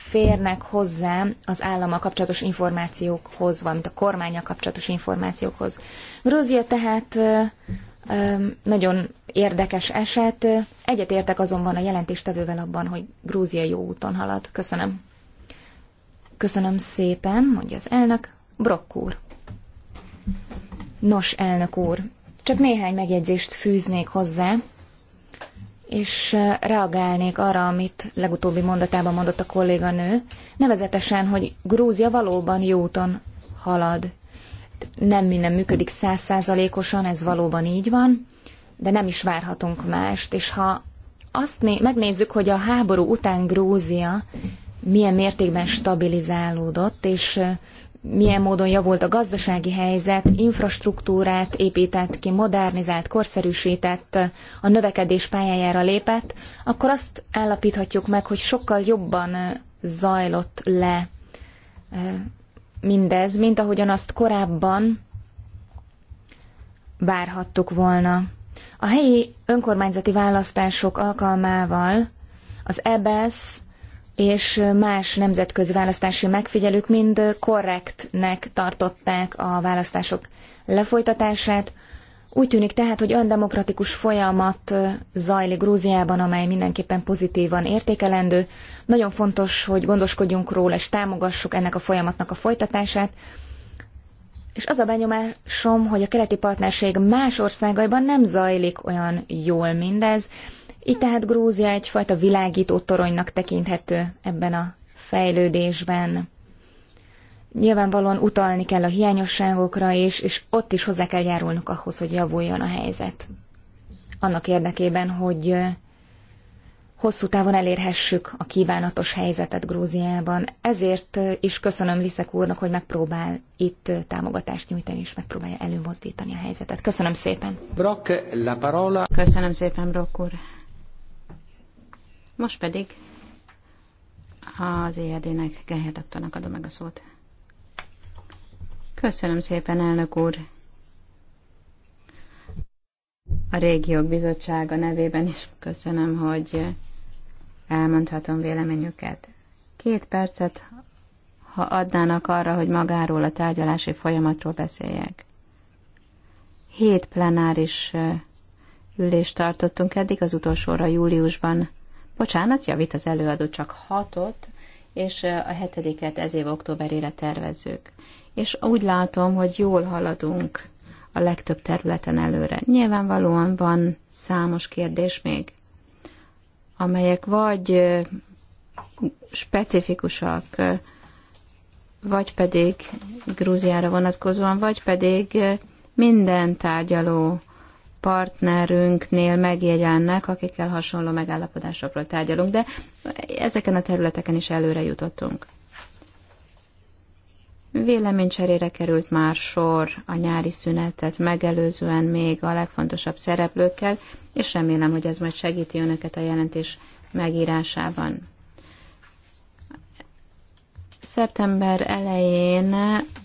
férnek hozzá az állammal kapcsolatos információkhoz, valamint a kormánya kapcsolatos információkhoz. Grúzia tehát nagyon érdekes eset. Egyetértek azonban a jelentéstevővel abban, hogy Grúzia jó úton halad. Köszönöm. Köszönöm szépen, mondja az elnök. Brokk úr. Nos, elnök úr, csak néhány megjegyzést fűznék hozzá, és reagálnék arra, amit legutóbbi mondatában mondott a kolléganő, nevezetesen, hogy Grúzia valóban jó úton halad. Hát nem minden működik százszázalékosan, ez valóban így van, de nem is várhatunk mást, és ha azt né- megnézzük, hogy a háború után Grúzia milyen mértékben stabilizálódott, és milyen módon javult a gazdasági helyzet, infrastruktúrát épített ki, modernizált, korszerűsített, a növekedés pályájára lépett, akkor azt állapíthatjuk meg, hogy sokkal jobban zajlott le mindez, mint ahogyan azt korábban várhattuk volna. A helyi önkormányzati választások alkalmával az EBS és más nemzetközi választási megfigyelők mind korrektnek tartották a választások lefolytatását, úgy tűnik tehát, hogy olyan demokratikus folyamat zajlik Grúziában, amely mindenképpen pozitívan értékelendő. Nagyon fontos, hogy gondoskodjunk róla és támogassuk ennek a folyamatnak a folytatását. És az a benyomásom, hogy a keleti partnerség más országaiban nem zajlik olyan jól mindez, így tehát Grúzia egyfajta világító toronynak tekinthető ebben a fejlődésben nyilvánvalóan utalni kell a hiányosságokra, és, és ott is hozzá kell járulnunk ahhoz, hogy javuljon a helyzet. Annak érdekében, hogy hosszú távon elérhessük a kívánatos helyzetet Grúziában. Ezért is köszönöm Liszek úrnak, hogy megpróbál itt támogatást nyújtani, és megpróbálja előmozdítani a helyzetet. Köszönöm szépen. Brock, la parola. Köszönöm szépen, Brock úr. Most pedig az ERD-nek, Geher adom meg a szót. Köszönöm szépen, elnök úr. A Régiók Bizottsága nevében is köszönöm, hogy elmondhatom véleményüket. Két percet, ha adnának arra, hogy magáról a tárgyalási folyamatról beszéljek. Hét plenáris ülést tartottunk eddig, az utolsóra júliusban. Bocsánat, javít az előadó csak hatot, és a hetediket ez év októberére tervezzük és úgy látom, hogy jól haladunk a legtöbb területen előre. Nyilvánvalóan van számos kérdés még, amelyek vagy specifikusak, vagy pedig Grúziára vonatkozóan, vagy pedig minden tárgyaló partnerünknél megjegyelnek, akikkel hasonló megállapodásokról tárgyalunk, de ezeken a területeken is előre jutottunk. Véleménycserére került már sor a nyári szünetet megelőzően még a legfontosabb szereplőkkel, és remélem, hogy ez majd segíti önöket a jelentés megírásában. Szeptember elején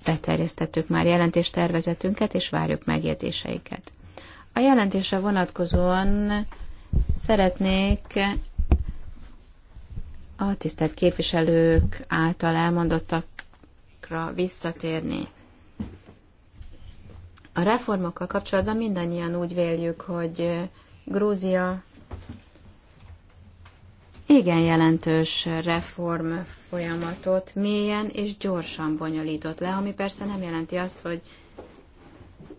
beterjesztettük már jelentéstervezetünket, és várjuk megjegyzéseiket. A jelentésre vonatkozóan szeretnék a tisztelt képviselők által elmondottak reformokra visszatérni. A reformokkal kapcsolatban mindannyian úgy véljük, hogy Grúzia igen jelentős reform folyamatot mélyen és gyorsan bonyolított le, ami persze nem jelenti azt, hogy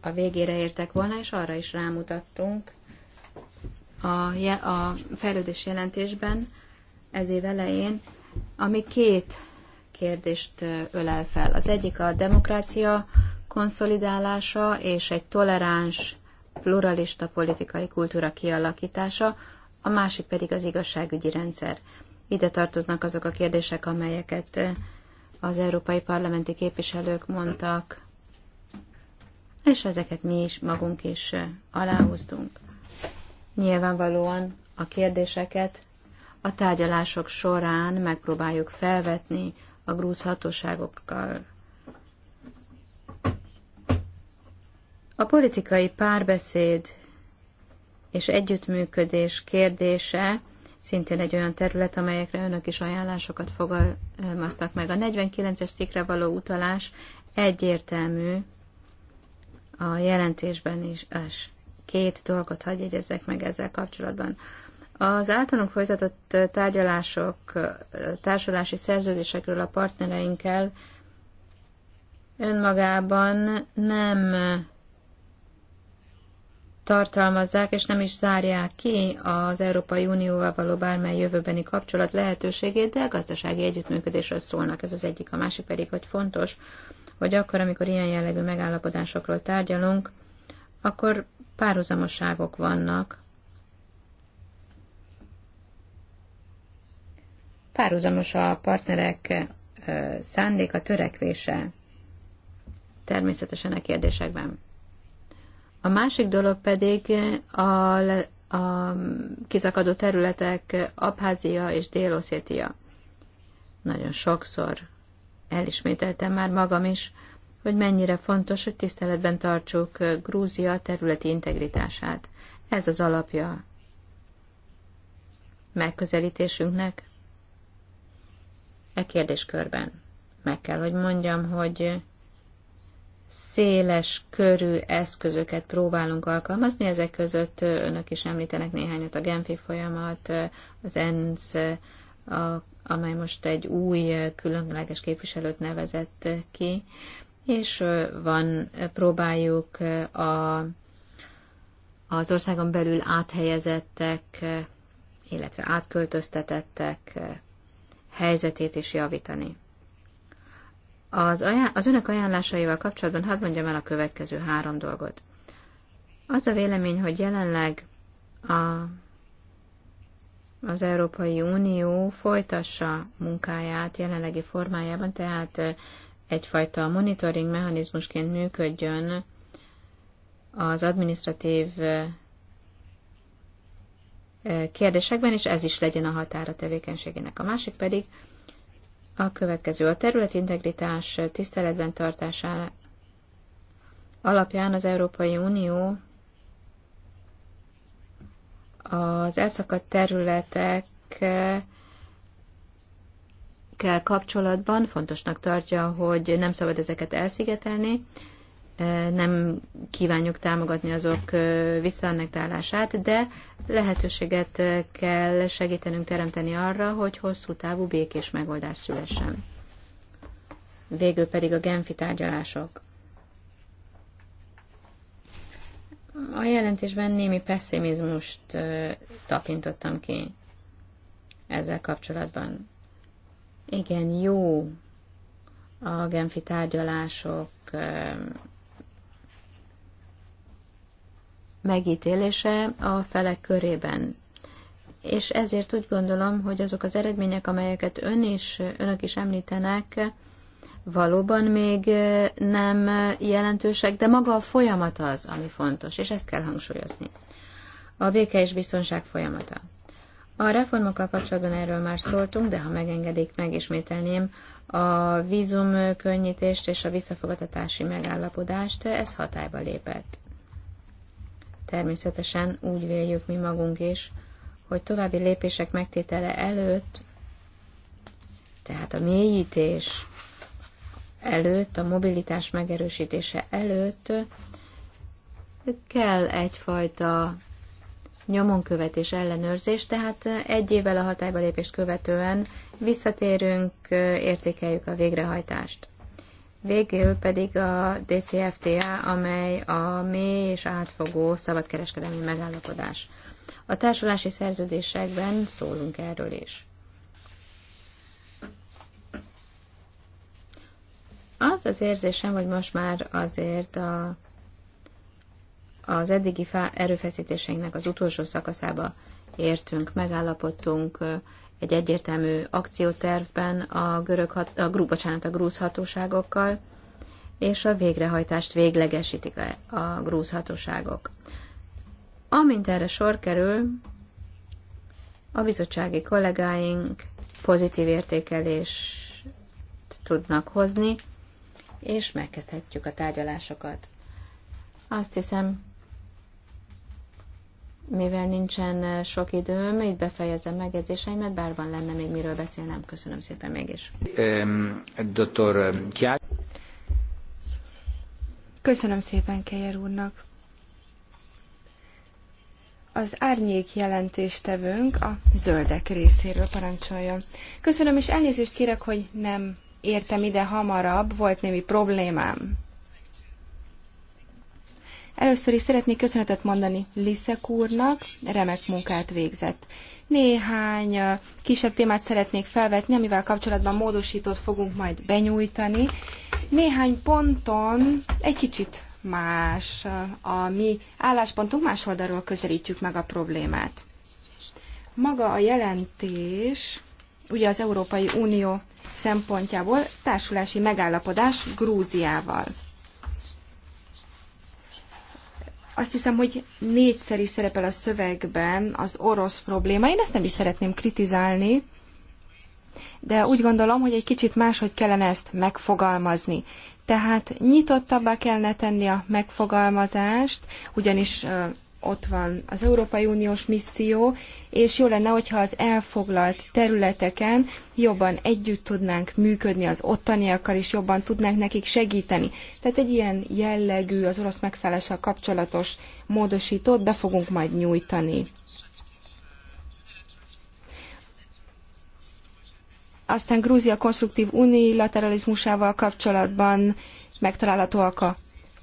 a végére értek volna, és arra is rámutattunk a, a fejlődés jelentésben ez év elején, ami két kérdést ölel fel. Az egyik a demokrácia konszolidálása és egy toleráns, pluralista politikai kultúra kialakítása, a másik pedig az igazságügyi rendszer. Ide tartoznak azok a kérdések, amelyeket az európai parlamenti képviselők mondtak, és ezeket mi is magunk is aláhúztunk. Nyilvánvalóan a kérdéseket a tárgyalások során megpróbáljuk felvetni, a grúz hatóságokkal. A politikai párbeszéd és együttműködés kérdése szintén egy olyan terület, amelyekre önök is ajánlásokat fogalmaztak meg. A 49-es cikkre való utalás egyértelmű a jelentésben is. Két dolgot hagyj meg ezzel kapcsolatban. Az általunk folytatott tárgyalások, társulási szerződésekről a partnereinkkel önmagában nem tartalmazzák és nem is zárják ki az Európai Unióval való bármely jövőbeni kapcsolat lehetőségét, de a gazdasági együttműködésről szólnak. Ez az egyik, a másik pedig, hogy fontos, hogy akkor, amikor ilyen jellegű megállapodásokról tárgyalunk, akkor párhuzamosságok vannak Párhuzamos a partnerek szándéka, törekvése természetesen a kérdésekben. A másik dolog pedig a, a kizakadó területek Abházia és dél -Oszétia. Nagyon sokszor elismételtem már magam is, hogy mennyire fontos, hogy tiszteletben tartsuk Grúzia területi integritását. Ez az alapja megközelítésünknek, e kérdéskörben. Meg kell, hogy mondjam, hogy széles körű eszközöket próbálunk alkalmazni, ezek között önök is említenek néhányat, a Genfi folyamat, az ENSZ, a, amely most egy új különleges képviselőt nevezett ki, és van, próbáljuk a, az országon belül áthelyezettek, illetve átköltöztetettek helyzetét is javítani. Az, ajánl- az önök ajánlásaival kapcsolatban hadd mondjam el a következő három dolgot. Az a vélemény, hogy jelenleg a, az Európai Unió folytassa munkáját jelenlegi formájában, tehát egyfajta monitoring mechanizmusként működjön az administratív kérdésekben, és ez is legyen a határa tevékenységének. A másik pedig a következő. A terület integritás tiszteletben tartására alapján az Európai Unió az elszakadt területekkel kapcsolatban fontosnak tartja, hogy nem szabad ezeket elszigetelni, nem kívánjuk támogatni azok visszaannektálását, de lehetőséget kell segítenünk teremteni arra, hogy hosszú távú békés megoldás szülessen. Végül pedig a Genfi tárgyalások. A jelentésben némi pessimizmust tapintottam ki ezzel kapcsolatban. Igen, jó a Genfi tárgyalások megítélése a felek körében. És ezért úgy gondolom, hogy azok az eredmények, amelyeket ön is, önök is említenek, valóban még nem jelentősek, de maga a folyamat az, ami fontos, és ezt kell hangsúlyozni. A béke és biztonság folyamata. A reformokkal kapcsolatban erről már szóltunk, de ha megengedik, megismételném a vízum könnyítést és a visszafogadatási megállapodást, ez hatályba lépett. Természetesen úgy véljük mi magunk is, hogy további lépések megtétele előtt, tehát a mélyítés előtt, a mobilitás megerősítése előtt kell egyfajta nyomonkövetés ellenőrzés, tehát egy évvel a hatályba lépést követően visszatérünk, értékeljük a végrehajtást. Végül pedig a DCFTA, amely a mély és átfogó szabadkereskedelmi megállapodás. A társulási szerződésekben szólunk erről is. Az az érzésem, hogy most már azért a, az eddigi erőfeszítéseinknek az utolsó szakaszába értünk, megállapodtunk, egy egyértelmű akciótervben a, görög hat, a, bocsánat, a grúz hatóságokkal, és a végrehajtást véglegesítik a, a grúz hatóságok. Amint erre sor kerül, a bizottsági kollégáink pozitív értékelést tudnak hozni, és megkezdhetjük a tárgyalásokat. Azt hiszem, mivel nincsen eh, sok időm, itt befejezem megjegyzéseimet, bár van lenne még miről beszélnem. Köszönöm szépen mégis. Dr. Kjár. Köszönöm szépen Kejer úrnak. Az árnyék jelentéstevőnk a zöldek részéről parancsoljon. Köszönöm, és elnézést kérek, hogy nem értem ide hamarabb, volt némi problémám. Először is szeretnék köszönetet mondani Liszek úrnak, remek munkát végzett. Néhány kisebb témát szeretnék felvetni, amivel kapcsolatban módosítót fogunk majd benyújtani. Néhány ponton egy kicsit más a mi álláspontunk, más oldalról közelítjük meg a problémát. Maga a jelentés, ugye az Európai Unió szempontjából társulási megállapodás Grúziával. Azt hiszem, hogy négyszer is szerepel a szövegben az orosz probléma. Én ezt nem is szeretném kritizálni, de úgy gondolom, hogy egy kicsit máshogy kellene ezt megfogalmazni. Tehát nyitottabbá kellene tenni a megfogalmazást, ugyanis ott van az Európai Uniós misszió, és jó lenne, hogyha az elfoglalt területeken jobban együtt tudnánk működni az ottaniakkal, és jobban tudnánk nekik segíteni. Tehát egy ilyen jellegű, az orosz megszállással kapcsolatos módosítót be fogunk majd nyújtani. Aztán Grúzia konstruktív unilateralizmusával kapcsolatban megtalálhatóak a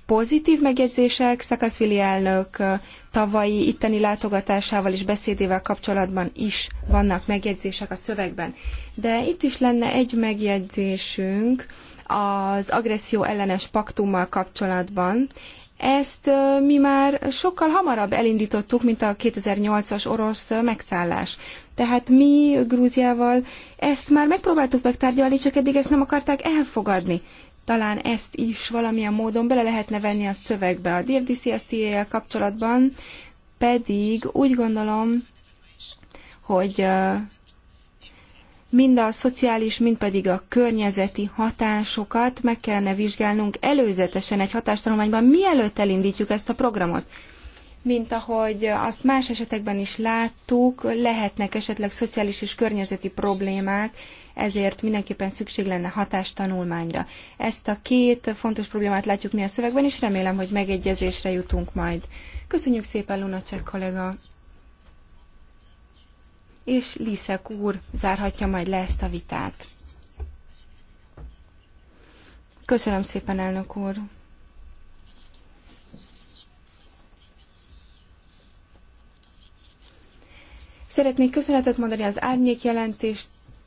pozitív megjegyzések Szakaszvili elnök tavalyi itteni látogatásával és beszédével kapcsolatban is vannak megjegyzések a szövegben. De itt is lenne egy megjegyzésünk az agresszió ellenes paktummal kapcsolatban. Ezt mi már sokkal hamarabb elindítottuk, mint a 2008-as orosz megszállás. Tehát mi Grúziával ezt már megpróbáltuk megtárgyalni, csak eddig ezt nem akarták elfogadni talán ezt is valamilyen módon bele lehetne venni a szövegbe. A DFDCSTA-jel kapcsolatban pedig úgy gondolom, hogy mind a szociális, mind pedig a környezeti hatásokat meg kellene vizsgálnunk előzetesen egy hatástanulmányban, mielőtt elindítjuk ezt a programot. Mint ahogy azt más esetekben is láttuk, lehetnek esetleg szociális és környezeti problémák, ezért mindenképpen szükség lenne hatástanulmányra. Ezt a két fontos problémát látjuk mi a szövegben, és remélem, hogy megegyezésre jutunk majd. Köszönjük szépen, Lunacek kollega! És Liszek úr zárhatja majd le ezt a vitát. Köszönöm szépen, elnök úr! Szeretnék köszönetet mondani az árnyék jelentés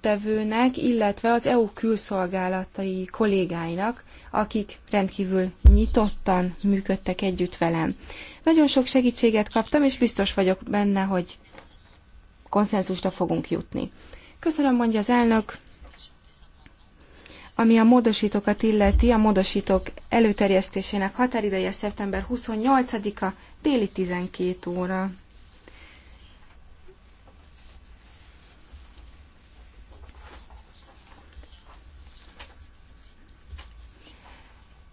résztvevőnek, illetve az EU külszolgálatai kollégáinak, akik rendkívül nyitottan működtek együtt velem. Nagyon sok segítséget kaptam, és biztos vagyok benne, hogy konszenzusra fogunk jutni. Köszönöm, mondja az elnök. Ami a módosítókat illeti, a módosítók előterjesztésének határideje szeptember 28-a, déli 12 óra.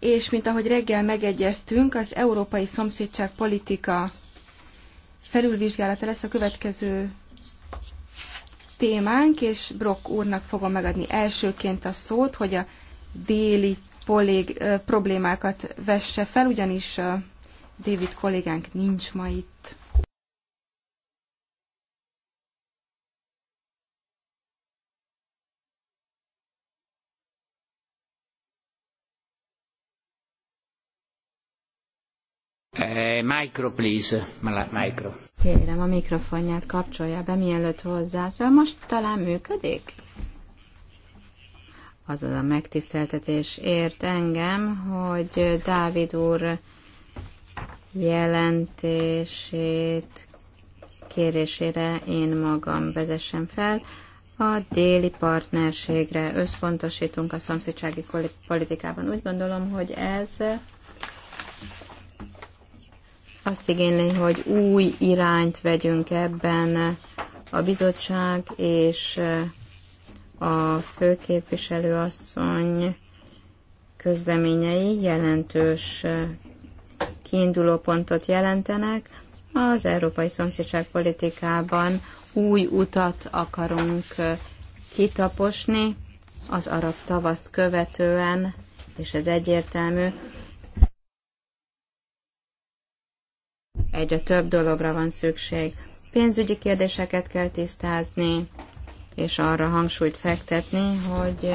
és mint ahogy reggel megegyeztünk, az európai szomszédság politika felülvizsgálata lesz a következő témánk, és Brock úrnak fogom megadni elsőként a szót, hogy a déli polég, problémákat vesse fel, ugyanis David kollégánk nincs ma itt. Eh, micro, please. Micro. Kérem, a mikrofonját kapcsolja be, mielőtt hozzászól. Most talán működik? Az a megtiszteltetés ért engem, hogy Dávid úr jelentését, kérésére én magam vezessem fel. A déli partnerségre összpontosítunk a szomszédsági politikában. Úgy gondolom, hogy ez azt igényli, hogy új irányt vegyünk ebben a bizottság és eh, a főképviselőasszony közleményei jelentős eh, kiindulópontot jelentenek. Az európai szomszédság politikában új utat akarunk eh, kitaposni az arab tavaszt követően, és ez egyértelmű, egyre több dologra van szükség. Pénzügyi kérdéseket kell tisztázni, és arra hangsúlyt fektetni, hogy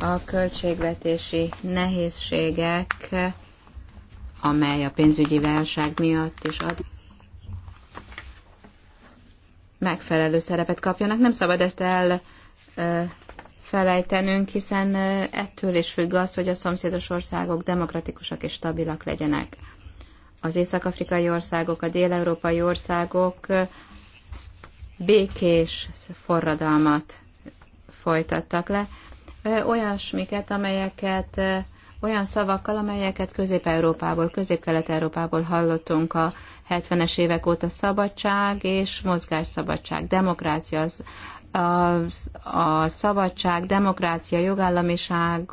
a költségvetési nehézségek, amely a pénzügyi válság miatt is ad, megfelelő szerepet kapjanak. Nem szabad ezt el felejtenünk, hiszen ettől is függ az, hogy a szomszédos országok demokratikusak és stabilak legyenek az észak-afrikai országok, a dél-európai országok békés forradalmat folytattak le, olyasmiket, amelyeket olyan szavakkal, amelyeket Közép-Európából, Közép-Kelet-Európából hallottunk a 70-es évek óta szabadság és mozgásszabadság, demokrácia, az, a, a szabadság, demokrácia, jogállamiság,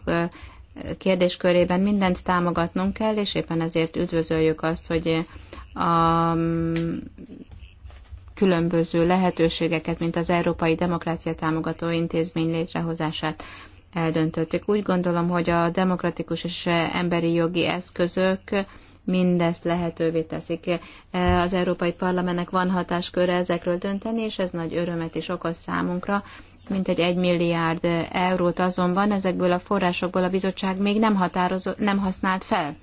kérdéskörében mindent támogatnunk kell, és éppen ezért üdvözöljük azt, hogy a mm, különböző lehetőségeket, mint az Európai Demokrácia Támogató Intézmény létrehozását eldöntöttük. Úgy gondolom, hogy a demokratikus és emberi jogi eszközök mindezt lehetővé teszik. Az Európai Parlamentnek van hatásköre ezekről dönteni, és ez nagy örömet is okoz számunkra, mint egy 1 milliárd eurót azonban ezekből a forrásokból a bizottság még nem, határozott, nem használt fel.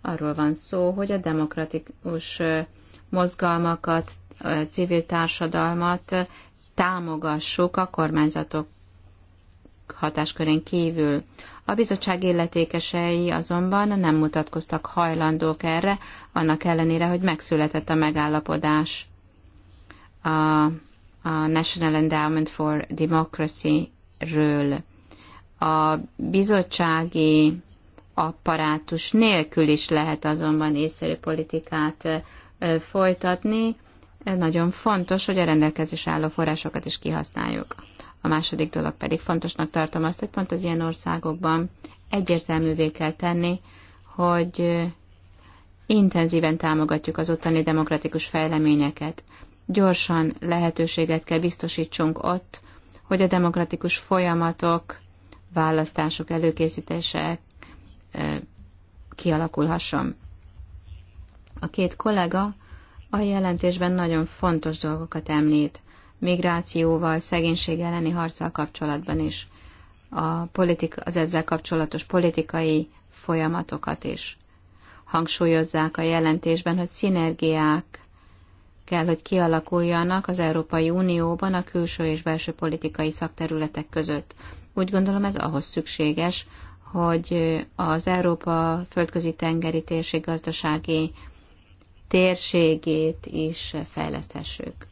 Arról van szó, hogy a demokratikus mozgalmakat, civil társadalmat támogassuk a kormányzatok hatáskörén kívül. A bizottság illetékesei azonban nem mutatkoztak hajlandók erre, annak ellenére, hogy megszületett a megállapodás a a National Endowment for Democracy-ről. A bizottsági apparátus nélkül is lehet azonban észszerű politikát folytatni. Nagyon fontos, hogy a rendelkezés álló forrásokat is kihasználjuk. A második dolog pedig fontosnak tartom azt, hogy pont az ilyen országokban egyértelművé kell tenni, hogy intenzíven támogatjuk az ottani demokratikus fejleményeket gyorsan lehetőséget kell biztosítsunk ott, hogy a demokratikus folyamatok, választások előkészítése kialakulhasson. A két kollega a jelentésben nagyon fontos dolgokat említ, migrációval, szegénység elleni harccal kapcsolatban is, a politik, az ezzel kapcsolatos politikai folyamatokat is. Hangsúlyozzák a jelentésben, hogy szinergiák kell, hogy kialakuljanak az Európai Unióban a külső és belső politikai szakterületek között. Úgy gondolom ez ahhoz szükséges, hogy az Európa földközi tengeri térség gazdasági térségét is fejleszthessük.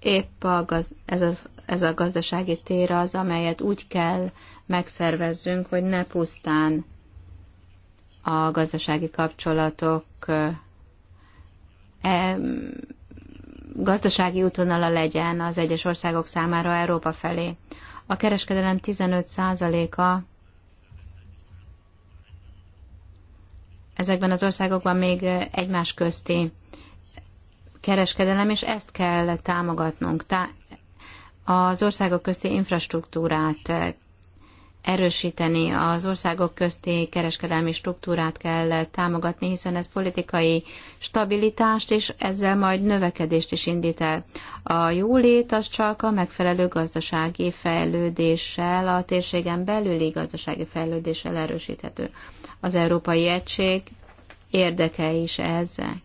Épp a gaz, ez, a, ez a gazdasági tér az, amelyet úgy kell megszervezzünk, hogy ne pusztán a gazdasági kapcsolatok gazdasági útvonala legyen az egyes országok számára Európa felé. A kereskedelem 15%-a ezekben az országokban még egymás közti kereskedelem, és ezt kell támogatnunk. Tá- az országok közti infrastruktúrát erősíteni, az országok közti kereskedelmi struktúrát kell támogatni, hiszen ez politikai stabilitást, és ezzel majd növekedést is indít el. A jólét az csak a megfelelő gazdasági fejlődéssel, a térségen belüli gazdasági fejlődéssel erősíthető. Az Európai Egység érdeke is ezzel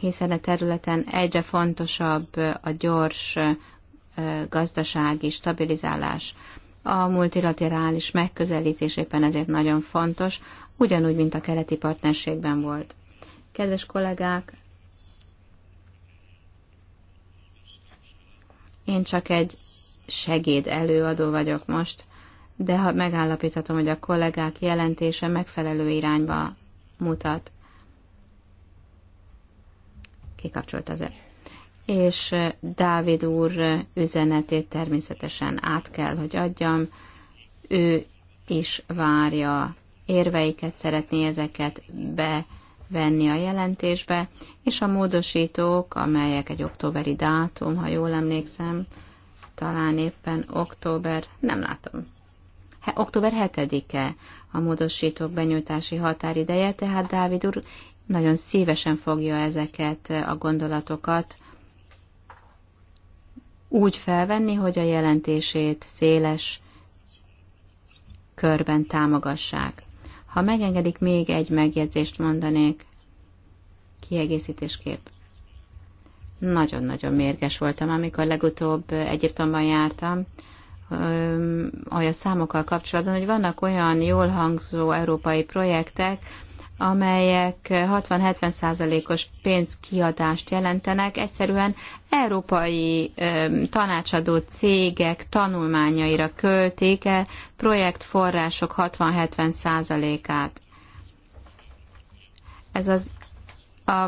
hiszen a területen egyre fontosabb a gyors gazdasági stabilizálás. A multilaterális megközelítés éppen ezért nagyon fontos, ugyanúgy, mint a keleti partnerségben volt. Kedves kollégák, én csak egy segéd előadó vagyok most, de ha megállapíthatom, hogy a kollégák jelentése megfelelő irányba mutat. Kikapcsolt az el és eh, Dávid úr eh, üzenetét természetesen át kell, hogy adjam. Ő is várja érveiket, szeretné ezeket bevenni a jelentésbe, és a módosítók, amelyek egy októberi dátum, ha jól emlékszem, talán éppen október, nem látom. He, október 7-e a módosítók benyújtási határideje, tehát Dávid úr nagyon szívesen fogja ezeket eh, a gondolatokat úgy felvenni, hogy a jelentését széles körben támogassák. Ha megengedik, még egy megjegyzést mondanék kiegészítésképp. Nagyon-nagyon mérges voltam, amikor legutóbb Egyiptomban jártam, olyan számokkal kapcsolatban, hogy vannak olyan jól hangzó európai projektek, amelyek 60-70 százalékos pénzkiadást jelentenek, egyszerűen európai tanácsadó cégek tanulmányaira költik -e projektforrások 60-70 százalékát. Ez az a,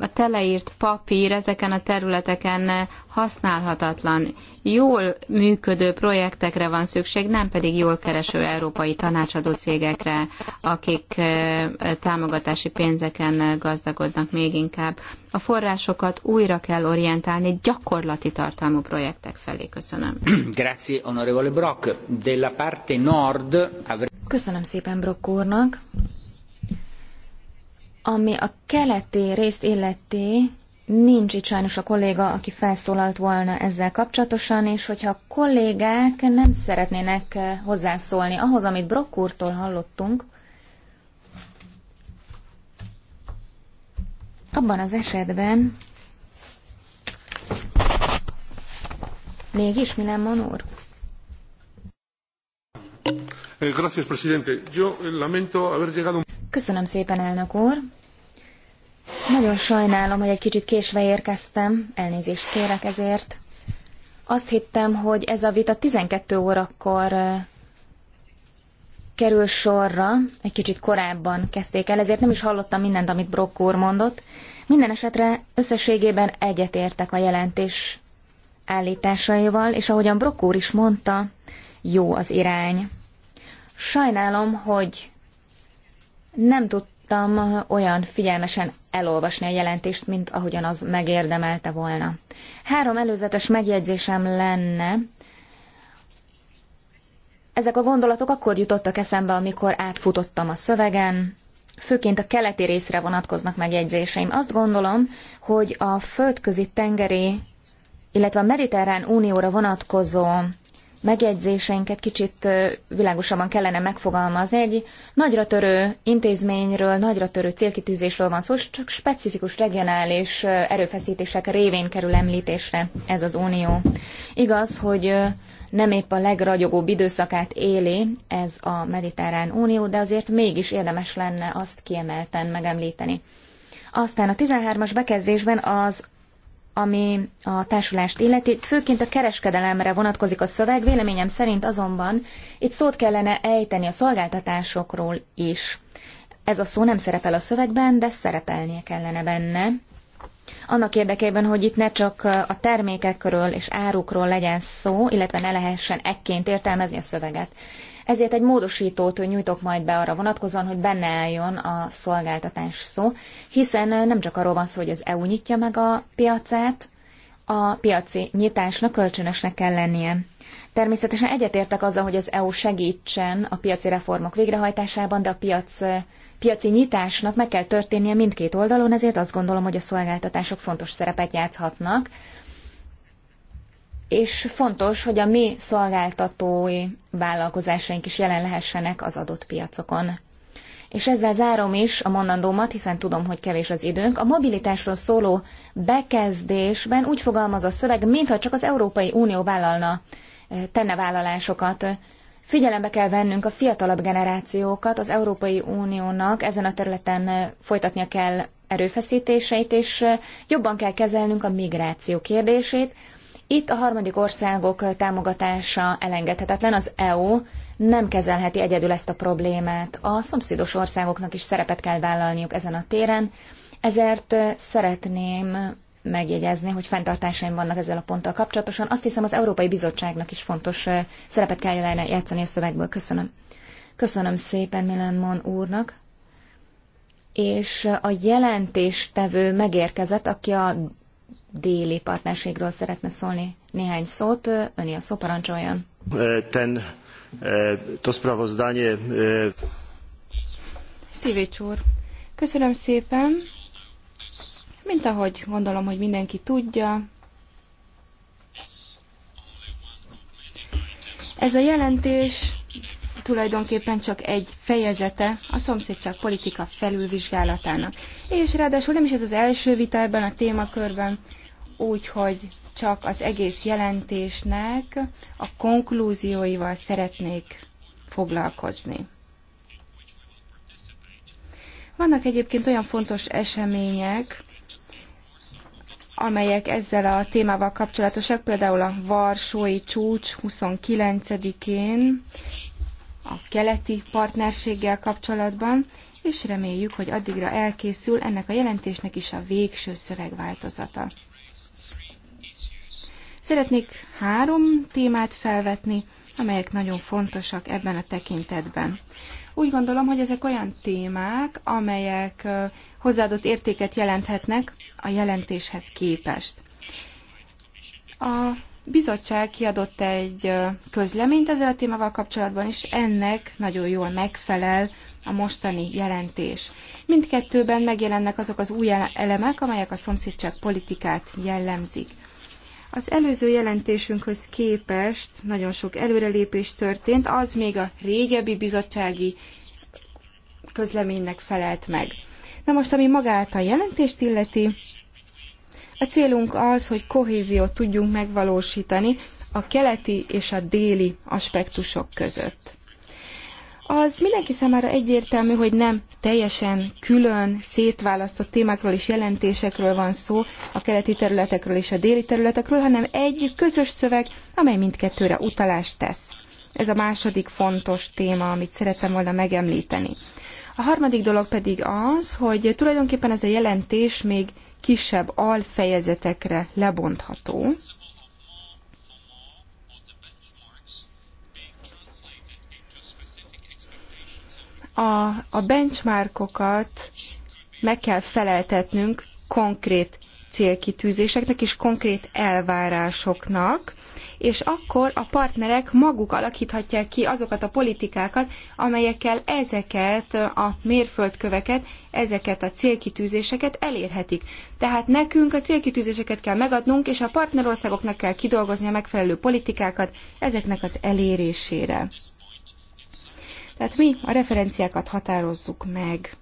a teleírt papír ezeken a területeken használhatatlan. Jól működő projektekre van szükség, nem pedig jól kereső európai tanácsadó cégekre, akik támogatási pénzeken gazdagodnak még inkább. A forrásokat újra kell orientálni gyakorlati tartalmú projektek felé. Köszönöm. Grazie, onorevole Brock. Della parte nord... Köszönöm szépen Brock úrnak. Ami a keleti részt illeti, nincs itt sajnos a kolléga, aki felszólalt volna ezzel kapcsolatosan, és hogyha a kollégák nem szeretnének eh, hozzászólni ahhoz, amit Brock úrtól hallottunk, abban az esetben mégis mi nem manúr? Eh, gracias, presidente. Yo eh, lamento haber llegado Köszönöm szépen, elnök úr. Nagyon sajnálom, hogy egy kicsit késve érkeztem, elnézést kérek ezért. Azt hittem, hogy ez a vita 12 órakor kerül sorra, egy kicsit korábban kezdték el, ezért nem is hallottam mindent, amit Brock úr mondott. Minden esetre összességében egyetértek a jelentés állításaival, és ahogyan Brock úr is mondta, jó az irány. Sajnálom, hogy nem tudtam olyan figyelmesen elolvasni a jelentést, mint ahogyan az megérdemelte volna. Három előzetes megjegyzésem lenne. Ezek a gondolatok akkor jutottak eszembe, amikor átfutottam a szövegen, főként a keleti részre vonatkoznak megjegyzéseim. Azt gondolom, hogy a földközi tengeri, illetve a mediterrán unióra vonatkozó megjegyzéseinket kicsit világosabban kellene megfogalmazni. Egy nagyra törő intézményről, nagyra törő célkitűzésről van szó, és csak specifikus regionális erőfeszítések révén kerül említésre ez az unió. Igaz, hogy nem épp a legragyogóbb időszakát éli ez a mediterrán unió, de azért mégis érdemes lenne azt kiemelten megemlíteni. Aztán a 13-as bekezdésben az ami a társulást illeti, főként a kereskedelemre vonatkozik a szöveg, véleményem szerint azonban itt szót kellene ejteni a szolgáltatásokról is. Ez a szó nem szerepel a szövegben, de szerepelnie kellene benne. Annak érdekében, hogy itt ne csak a termékekről és árukról legyen szó, illetve ne lehessen ekként értelmezni a szöveget ezért egy módosítót nyújtok majd be arra vonatkozóan, hogy benne álljon a szolgáltatás szó, hiszen nem csak arról van szó, hogy az EU nyitja meg a piacát, a piaci nyitásnak kölcsönösnek kell lennie. Természetesen egyetértek azzal, hogy az EU segítsen a piaci reformok végrehajtásában, de a piac, piaci nyitásnak meg kell történnie mindkét oldalon, ezért azt gondolom, hogy a szolgáltatások fontos szerepet játszhatnak és fontos, hogy a mi szolgáltatói vállalkozásaink is jelen lehessenek az adott piacokon. És ezzel zárom is a mondandómat, hiszen tudom, hogy kevés az időnk. A mobilitásról szóló bekezdésben úgy fogalmaz a szöveg, mintha csak az Európai Unió vállalna, eh, tenne vállalásokat. Figyelembe kell vennünk a fiatalabb generációkat, az Európai Uniónak ezen a területen eh, folytatnia kell erőfeszítéseit, és eh, jobban kell kezelnünk a migráció kérdését, itt a harmadik országok támogatása elengedhetetlen, az EU nem kezelheti egyedül ezt a problémát. A szomszédos országoknak is szerepet kell vállalniuk ezen a téren, ezért szeretném megjegyezni, hogy fenntartásaim vannak ezzel a ponttal kapcsolatosan. Azt hiszem az Európai Bizottságnak is fontos szerepet kell játszani a szövegből. Köszönöm. Köszönöm szépen Milan Mon úrnak. És a jelentéstevő megérkezett, aki a déli partnerségről szeretne szólni néhány szót. Öni a szó, parancsoljon. E, ten, e, to sprawozdanie... E, Szívics úr, köszönöm szépen. Mint ahogy gondolom, hogy mindenki tudja, ez a jelentés tulajdonképpen csak egy fejezete a szomszédság politika felülvizsgálatának. És ráadásul nem is ez az első vita ebben a témakörben, úgyhogy csak az egész jelentésnek a konklúzióival szeretnék foglalkozni. Vannak egyébként olyan fontos események, amelyek ezzel a témával kapcsolatosak, például a Varsói csúcs 29-én, a keleti partnerséggel kapcsolatban, és reméljük, hogy addigra elkészül ennek a jelentésnek is a végső szövegváltozata. Szeretnék három témát felvetni, amelyek nagyon fontosak ebben a tekintetben. Úgy gondolom, hogy ezek olyan témák, amelyek hozzáadott értéket jelenthetnek a jelentéshez képest. A bizottság kiadott egy közleményt ezzel a témával kapcsolatban, és ennek nagyon jól megfelel a mostani jelentés. Mindkettőben megjelennek azok az új elemek, amelyek a szomszédság politikát jellemzik. Az előző jelentésünkhöz képest nagyon sok előrelépés történt, az még a régebbi bizottsági közleménynek felelt meg. Na most, ami magát a jelentést illeti, a célunk az, hogy kohéziót tudjunk megvalósítani a keleti és a déli aspektusok között az mindenki számára egyértelmű, hogy nem teljesen külön, szétválasztott témákról és jelentésekről van szó, a keleti területekről és a déli területekről, hanem egy közös szöveg, amely mindkettőre utalást tesz. Ez a második fontos téma, amit szerettem volna megemlíteni. A harmadik dolog pedig az, hogy tulajdonképpen ez a jelentés még kisebb alfejezetekre lebontható, A, a benchmarkokat meg kell feleltetnünk konkrét célkitűzéseknek és konkrét elvárásoknak, és akkor a partnerek maguk alakíthatják ki azokat a politikákat, amelyekkel ezeket a mérföldköveket, ezeket a célkitűzéseket elérhetik. Tehát nekünk a célkitűzéseket kell megadnunk, és a partnerországoknak kell kidolgozni a megfelelő politikákat ezeknek az elérésére. Tehát mi a referenciákat határozzuk meg.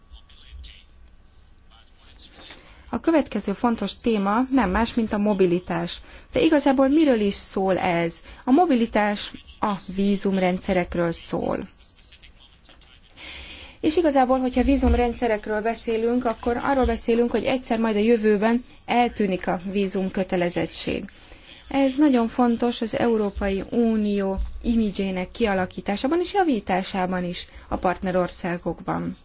A következő fontos téma nem más, mint a mobilitás. De igazából miről is szól ez? A mobilitás a vízumrendszerekről szól. És igazából, hogyha vízumrendszerekről beszélünk, akkor arról beszélünk, hogy egyszer majd a jövőben eltűnik a vízum kötelezettség. Ez nagyon fontos az Európai Unió imidzsének kialakításában és javításában is a partnerországokban.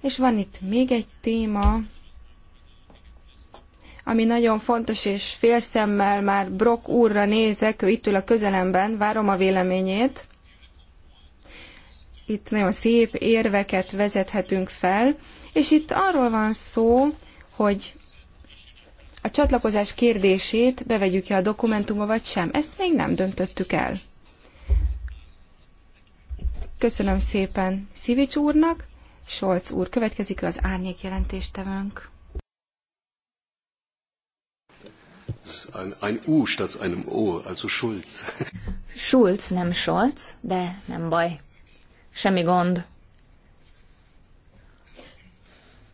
És van itt még egy téma, ami nagyon fontos, és félszemmel már Brock úrra nézek, ő itt ül a közelemben, várom a véleményét. Itt nagyon szép érveket vezethetünk fel, és itt arról van szó, hogy a csatlakozás kérdését bevegyük-e a dokumentumba vagy sem. Ezt még nem döntöttük el. Köszönöm szépen Szivics úrnak. Solc úr, következik az árnyék jelentéstevőnk. Ein, ein U statt einem O, also Schulz. Schulz, nem Scholz, de nem baj. Semmi gond.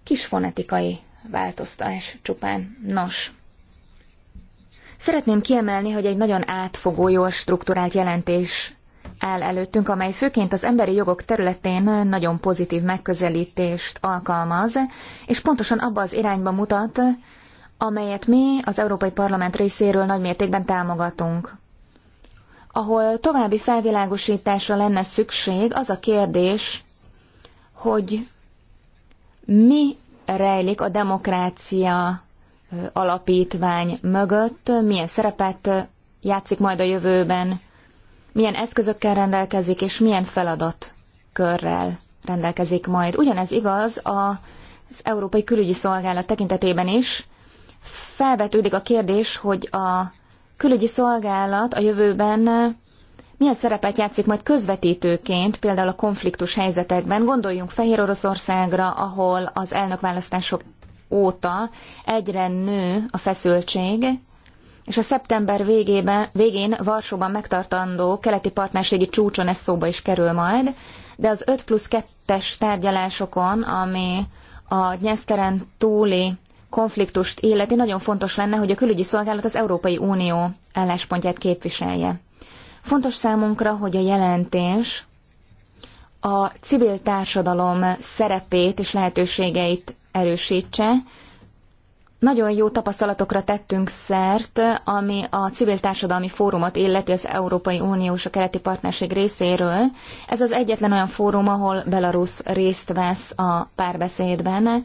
Kis fonetikai változtás csupán. Nos, szeretném kiemelni, hogy egy nagyon átfogó, jól strukturált jelentés áll előttünk, amely főként az emberi jogok területén nagyon pozitív megközelítést alkalmaz, és pontosan abba az irányba mutat, amelyet mi az Európai Parlament részéről nagymértékben támogatunk. Ahol további felvilágosításra lenne szükség, az a kérdés, hogy mi rejlik a demokrácia alapítvány mögött, milyen szerepet játszik majd a jövőben, milyen eszközökkel rendelkezik, és milyen feladatkörrel rendelkezik majd. Ugyanez igaz az Európai Külügyi Szolgálat tekintetében is. Felvetődik a kérdés, hogy a külügyi szolgálat a jövőben milyen szerepet játszik majd közvetítőként, például a konfliktus helyzetekben. Gondoljunk Fehér Oroszországra, ahol az elnökválasztások óta egyre nő a feszültség, és a szeptember végében, végén Varsóban megtartandó keleti partnerségi csúcson ez szóba is kerül majd, de az 5 plusz 2-es tárgyalásokon, ami a Nyeszteren túli konfliktust illeti, nagyon fontos lenne, hogy a külügyi szolgálat az Európai Unió álláspontját képviselje. Fontos számunkra, hogy a jelentés a civil társadalom szerepét és lehetőségeit erősítse. Nagyon jó tapasztalatokra tettünk szert, ami a civil társadalmi fórumot illeti az Európai Unió és a keleti partnerség részéről. Ez az egyetlen olyan fórum, ahol Belarus részt vesz a párbeszédben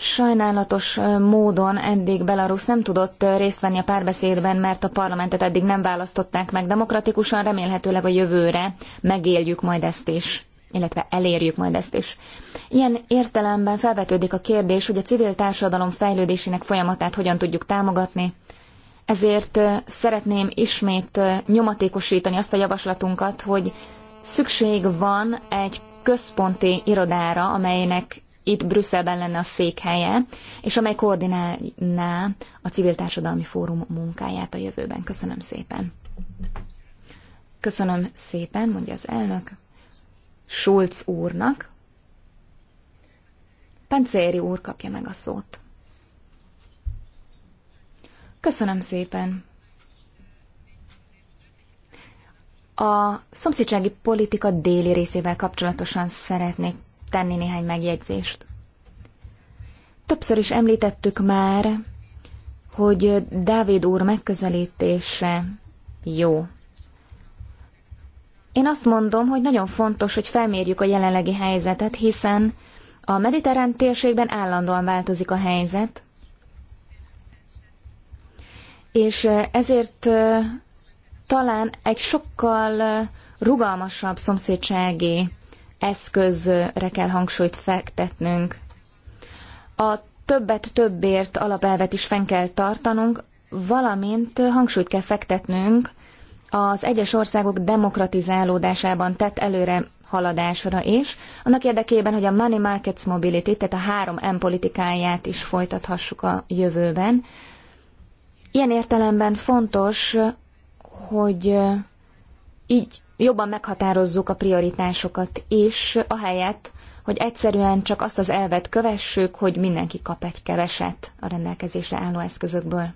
Sajnálatos módon eddig Belarus nem tudott részt venni a párbeszédben, mert a parlamentet eddig nem választották meg demokratikusan, remélhetőleg a jövőre megéljük majd ezt is illetve elérjük majd ezt is. Ilyen értelemben felvetődik a kérdés, hogy a civil társadalom fejlődésének folyamatát hogyan tudjuk támogatni. Ezért szeretném ismét nyomatékosítani azt a javaslatunkat, hogy szükség van egy központi irodára, amelynek itt Brüsszelben lenne a székhelye, és amely koordinálná a civil társadalmi fórum munkáját a jövőben. Köszönöm szépen. Köszönöm szépen, mondja az elnök, Schulz úrnak. Pencéri úr kapja meg a szót. Köszönöm szépen. A szomszédsági politika déli részével kapcsolatosan szeretnék tenni néhány megjegyzést. Többször is említettük már, hogy Dávid úr megközelítése jó. Én azt mondom, hogy nagyon fontos, hogy felmérjük a jelenlegi helyzetet, hiszen a mediterrán térségben állandóan változik a helyzet, és ezért talán egy sokkal rugalmasabb szomszédsági eszközre kell hangsúlyt fektetnünk. A többet többért alapelvet is fenn kell tartanunk, valamint hangsúlyt kell fektetnünk az egyes országok demokratizálódásában tett előre haladásra is, annak érdekében, hogy a Money Markets Mobility, tehát a 3M politikáját is folytathassuk a jövőben. Ilyen értelemben fontos, hogy így jobban meghatározzuk a prioritásokat és ahelyett, hogy egyszerűen csak azt az elvet kövessük, hogy mindenki kap egy keveset a rendelkezésre álló eszközökből.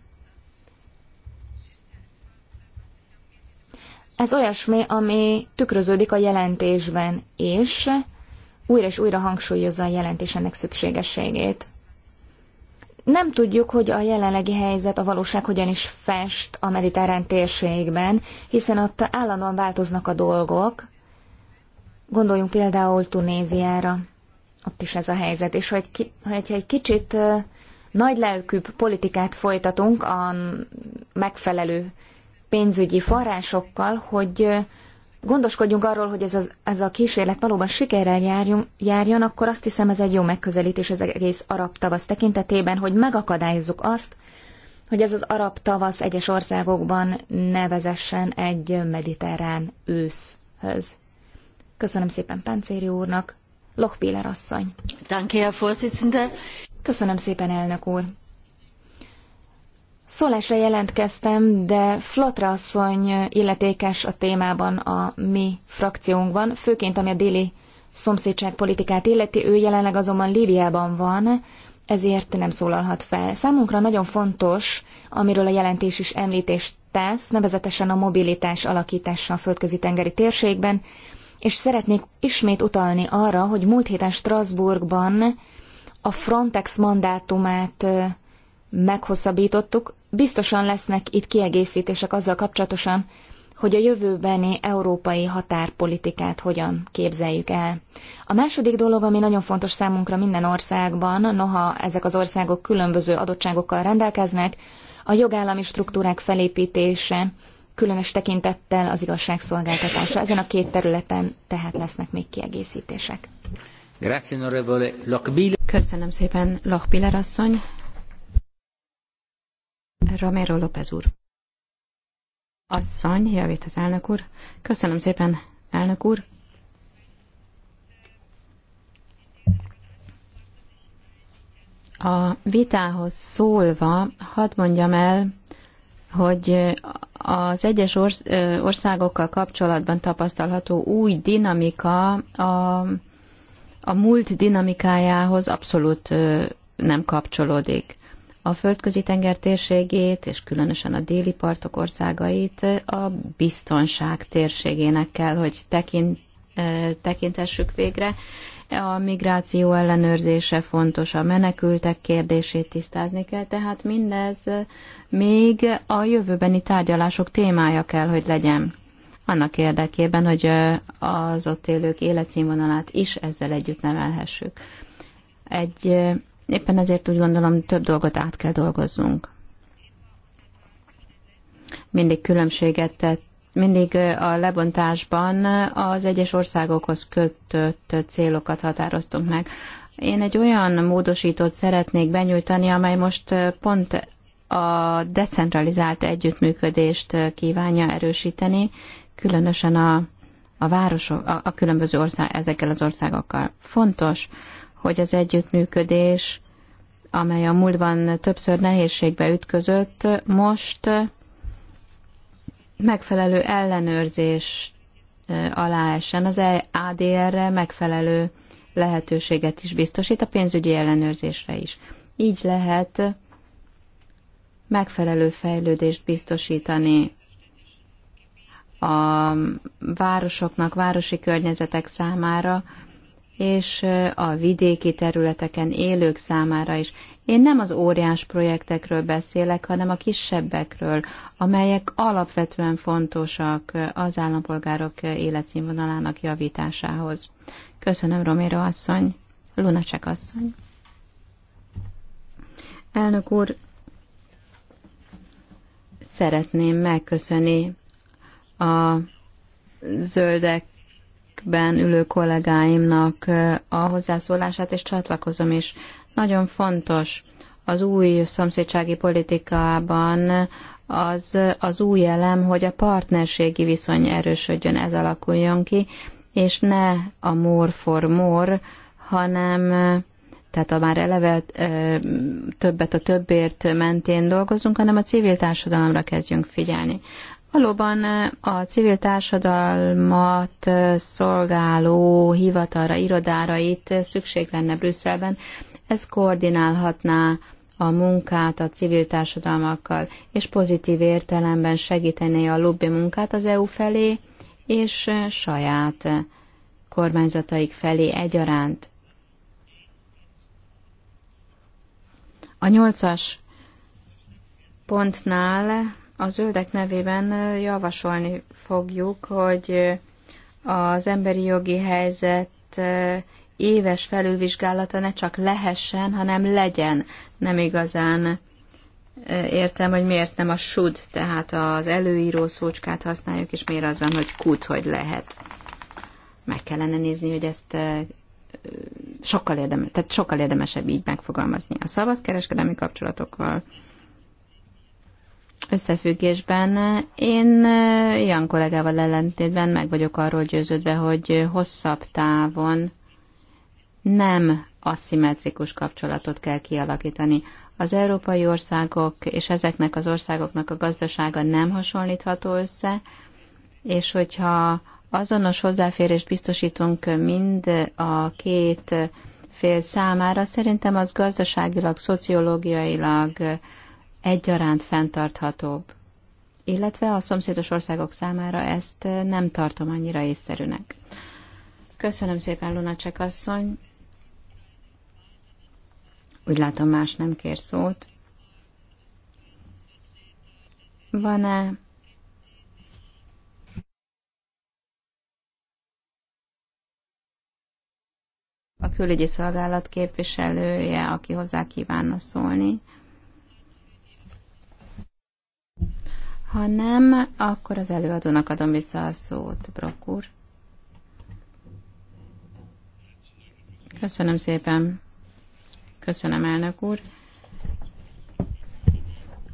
Ez olyasmi, ami tükröződik a jelentésben, és újra és újra hangsúlyozza a jelentés ennek szükségességét. Nem tudjuk, hogy a jelenlegi helyzet, a valóság hogyan is fest a mediterrán térségben, hiszen ott állandóan változnak a dolgok. Gondoljunk például Tunéziára, ott is ez a helyzet. És ha egy, hogyha egy kicsit nagy lelkűbb politikát folytatunk a megfelelő pénzügyi forrásokkal, hogy gondoskodjunk arról, hogy ez, az, ez a kísérlet valóban sikerrel járjon, járjon, akkor azt hiszem ez egy jó megközelítés az egész arab tavasz tekintetében, hogy megakadályozzuk azt, hogy ez az arab tavasz egyes országokban nevezessen egy mediterrán őszhöz. Köszönöm szépen Páncéri úrnak, Lochpiller asszony. Danke, Herr Vorsitzender. Köszönöm szépen, elnök úr. Szólásra jelentkeztem, de Flotra asszony illetékes a témában a mi frakciónkban, főként ami a déli szomszédság politikát illeti, ő jelenleg azonban Líbiában van, ezért nem szólalhat fel. Számunkra nagyon fontos, amiről a jelentés is említést tesz, nevezetesen a mobilitás alakítása a földközi tengeri térségben, és szeretnék ismét utalni arra, hogy múlt héten Strasbourgban a Frontex mandátumát meghosszabbítottuk, biztosan lesznek itt kiegészítések azzal kapcsolatosan, hogy a jövőbeni európai határpolitikát hogyan képzeljük el. A második dolog, ami nagyon fontos számunkra minden országban, noha ezek az országok különböző adottságokkal rendelkeznek, a jogállami struktúrák felépítése, különös tekintettel az igazságszolgáltatásra. Ezen a két területen tehát lesznek még kiegészítések. Köszönöm szépen, Lochbiller asszony. Romero López úr. Asszony, javít az elnök úr. Köszönöm szépen, elnök úr. A vitához szólva, hadd mondjam el, hogy az egyes országokkal kapcsolatban tapasztalható új dinamika a, a múlt dinamikájához abszolút nem kapcsolódik a földközi tenger térségét, és különösen a déli partok országait a biztonság térségének kell, hogy tekint, tekintessük végre. A migráció ellenőrzése fontos, a menekültek kérdését tisztázni kell, tehát mindez még a jövőbeni tárgyalások témája kell, hogy legyen. Annak érdekében, hogy az ott élők életszínvonalát is ezzel együtt nevelhessük. Egy Éppen ezért úgy gondolom, több dolgot át kell dolgozzunk. Mindig különbséget tett mindig a lebontásban az egyes országokhoz kötött célokat határoztunk meg. Én egy olyan módosítót szeretnék benyújtani, amely most pont a decentralizált együttműködést kívánja erősíteni, különösen a, a városok, a, a különböző ország, ezekkel az országokkal. Fontos, hogy az együttműködés, amely a múltban többször nehézségbe ütközött, most megfelelő ellenőrzés alá essen, az e ADR-re megfelelő lehetőséget is biztosít, a pénzügyi ellenőrzésre is. Így lehet megfelelő fejlődést biztosítani a városoknak, városi környezetek számára, és a vidéki területeken élők számára is. Én nem az óriás projektekről beszélek, hanem a kisebbekről, amelyek alapvetően fontosak az állampolgárok életszínvonalának javításához. Köszönöm, Romero asszony. Lunacek asszony. Elnök úr, szeretném megköszönni a zöldek székben ülő kollégáimnak a hozzászólását, és csatlakozom is. Nagyon fontos az új szomszédsági politikában az, az új elem, hogy a partnerségi viszony erősödjön, ez alakuljon ki, és ne a more for more, hanem tehát a már eleve többet a többért mentén dolgozunk, hanem a civil társadalomra kezdjünk figyelni. Valóban eh, a civil társadalmat eh, szolgáló hivatalra, irodára itt eh, szükség lenne Brüsszelben. Ez koordinálhatná a munkát a civil társadalmakkal, és pozitív értelemben segítené a lobby munkát az EU felé, és saját kormányzataik felé egyaránt. A nyolcas pontnál a zöldek nevében javasolni fogjuk, hogy az emberi jogi helyzet éves felülvizsgálata ne csak lehessen, hanem legyen. Nem igazán értem, hogy miért nem a should, tehát az előíró szócskát használjuk, és miért az van, hogy kút, hogy lehet. Meg kellene nézni, hogy ezt sokkal, érdemes, tehát sokkal érdemesebb így megfogalmazni. A szabadkereskedelmi kapcsolatokkal összefüggésben én Jan kollégával ellentétben meg vagyok arról győződve, hogy hosszabb távon nem aszimmetrikus kapcsolatot kell kialakítani. Az európai országok és ezeknek az országoknak a gazdasága nem hasonlítható össze, és hogyha azonos hozzáférés biztosítunk mind a két fél számára, szerintem az gazdaságilag, szociológiailag, egyaránt fenntarthatóbb, illetve a szomszédos országok számára ezt eh, nem tartom annyira észszerűnek. Köszönöm szépen, Lunacek asszony. Úgy látom, más nem kér szót. Van-e a külügyi szolgálat képviselője, aki hozzá kívánna szólni? Ha nem, akkor az előadónak adom vissza a szót, Brok úr. Köszönöm szépen. Köszönöm, elnök úr.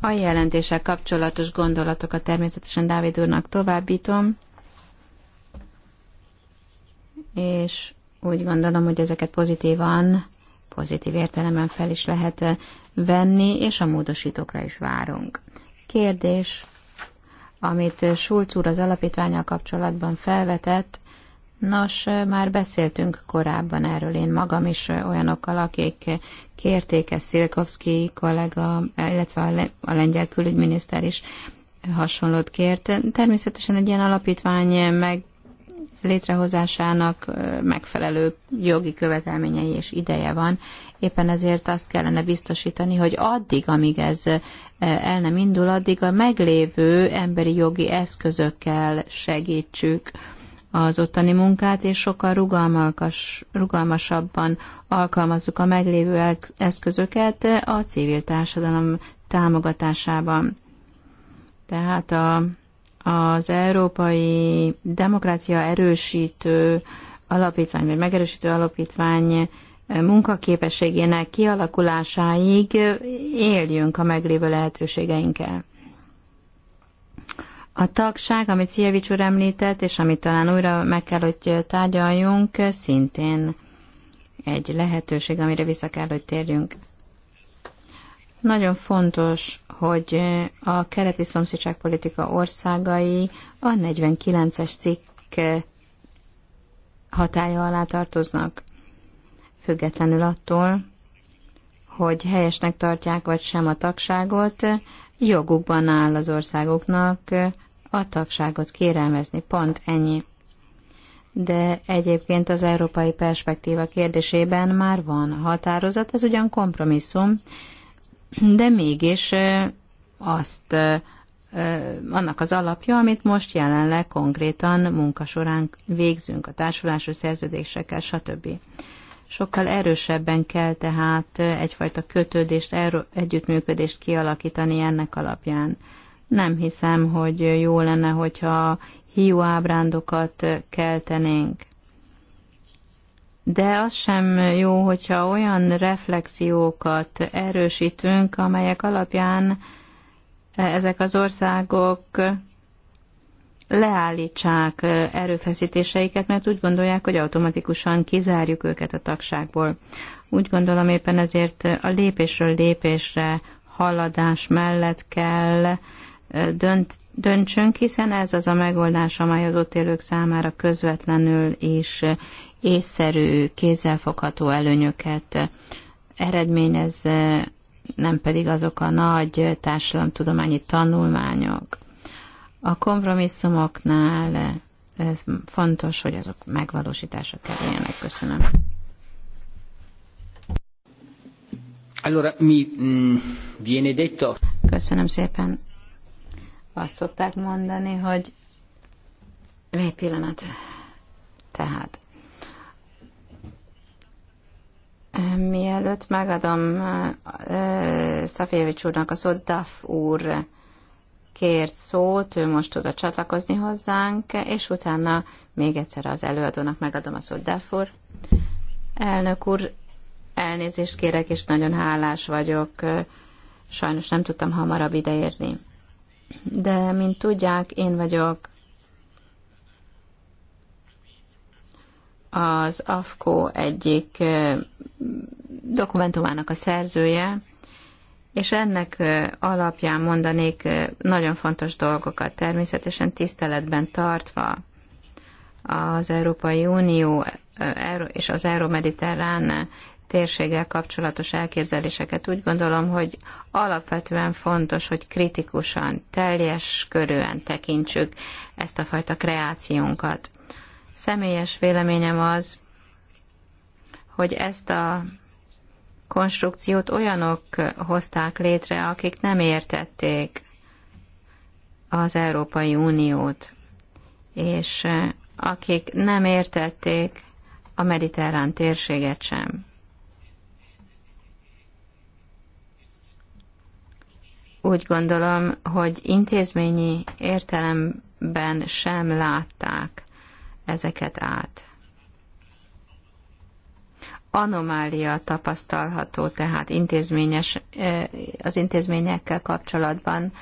A jelentéssel kapcsolatos gondolatokat természetesen Dávid úrnak továbbítom, és úgy gondolom, hogy ezeket pozitívan, pozitív értelemben fel is lehet venni, és a módosítókra is várunk. Kérdés, amit eh, Schulz úr az alapítványal kapcsolatban felvetett, Nos, eh, már beszéltünk korábban erről, én magam is eh, olyanokkal, akik kérték ezt Szilkovszki kollega, illetve a lengyel külügyminiszter is hasonlót kért. Természetesen egy ilyen alapítvány meg létrehozásának megfelelő jogi követelményei és ideje van. Éppen ezért azt kellene biztosítani, hogy addig, amíg ez el nem indul, addig a meglévő emberi jogi eszközökkel segítsük az ottani munkát, és sokkal rugalmas, rugalmasabban alkalmazzuk a meglévő eszközöket a civil társadalom támogatásában. Tehát a, az Európai Demokrácia Erősítő Alapítvány, vagy Megerősítő Alapítvány munkaképességének kialakulásáig éljünk a meglévő lehetőségeinkkel. A tagság, amit Szijevics úr említett, és amit talán újra meg kell, hogy tárgyaljunk, szintén egy lehetőség, amire vissza kell, hogy térjünk. Nagyon fontos, hogy a keleti szomszédságpolitika országai a 49-es cikk hatája alá tartoznak függetlenül attól, hogy helyesnek tartják vagy sem a tagságot, jogukban áll az országoknak a tagságot kérelmezni. Pont ennyi. De egyébként az európai perspektíva kérdésében már van határozat, ez ugyan kompromisszum, de mégis azt annak az alapja, amit most jelenleg konkrétan munka során végzünk, a társulási szerződésekkel, stb. Sokkal erősebben kell tehát egyfajta kötődést, együttműködést kialakítani ennek alapján. Nem hiszem, hogy jó lenne, hogyha hiú ábrándokat keltenénk. De az sem jó, hogyha olyan reflexiókat erősítünk, amelyek alapján ezek az országok leállítsák erőfeszítéseiket, mert úgy gondolják, hogy automatikusan kizárjuk őket a tagságból. Úgy gondolom éppen ezért a lépésről lépésre haladás mellett kell dönt, döntsünk, hiszen ez az a megoldás, amely az ott élők számára közvetlenül és észszerű, kézzelfogható előnyöket eredményez, nem pedig azok a nagy társadalomtudományi tanulmányok, a kompromisszumoknál eh, ez fontos, hogy azok megvalósításra kerüljenek. Köszönöm. Allora, mi mm, viene detto... Köszönöm szépen. Azt szokták mondani, hogy még pillanat. Tehát, eh, mielőtt megadom uh, eh, Szafjevics úrnak a szót, Duff úr kért szót, ő most tudott csatlakozni hozzánk, és utána még egyszer az előadónak megadom a szót, Defur. Elnök úr, elnézést kérek, és nagyon hálás vagyok. Sajnos nem tudtam hamarabb ideérni. De, mint tudják, én vagyok az AFKO egyik dokumentumának a szerzője, és ennek alapján mondanék nagyon fontos dolgokat, természetesen tiszteletben tartva az Európai Unió és az Euromediterrán térséggel kapcsolatos elképzeléseket. Úgy gondolom, hogy alapvetően fontos, hogy kritikusan, teljes körűen tekintsük ezt a fajta kreációnkat. Személyes véleményem az, hogy ezt a konstrukciót olyanok hozták létre, akik nem értették az Európai Uniót, és akik nem értették a mediterrán térséget sem. Úgy gondolom, hogy intézményi értelemben sem látták ezeket át anomália tapasztalható, tehát intézményes, az intézményekkel kapcsolatban,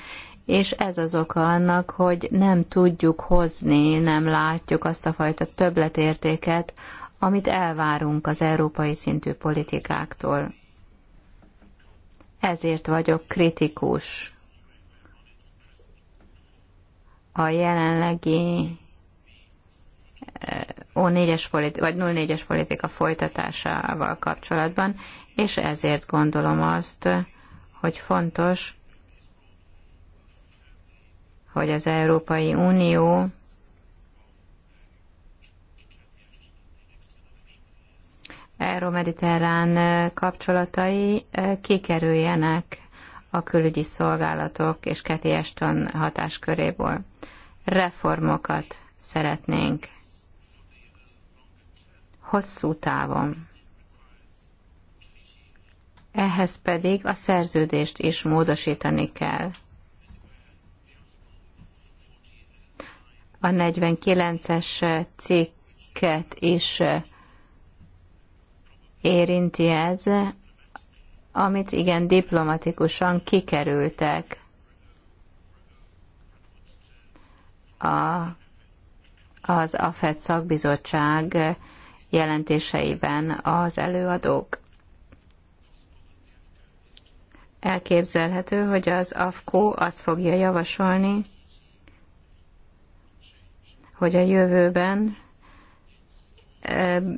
és ez az oka annak, hogy nem tudjuk hozni, nem látjuk azt a fajta többletértéket, amit elvárunk az európai szintű politikáktól. Ezért vagyok kritikus a jelenlegi O4-es politi- vagy 04-es politika folytatásával kapcsolatban, és ezért gondolom azt, hogy fontos, hogy az Európai Unió euró-Mediterrán kapcsolatai eh, kikerüljenek a külügyi szolgálatok és Keti Eston hatásköréből. Reformokat szeretnénk hosszú távon. Ehhez pedig a szerződést is módosítani kell. A 49-es cikket is érinti ez, amit igen diplomatikusan kikerültek a, az AFED szakbizottság jelentéseiben az előadók. Elképzelhető, hogy az AFKO azt fogja javasolni, hogy a jövőben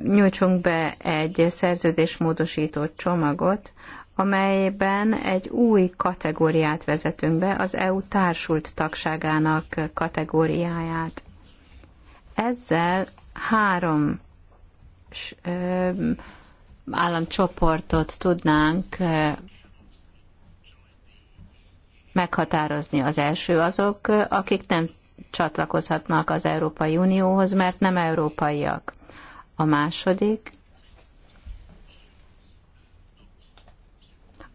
nyújtsunk be egy szerződésmódosító csomagot, amelyben egy új kategóriát vezetünk be, az EU társult tagságának kategóriáját. Ezzel három államcsoportot tudnánk meghatározni. Az első azok, akik nem csatlakozhatnak az Európai Unióhoz, mert nem európaiak. A második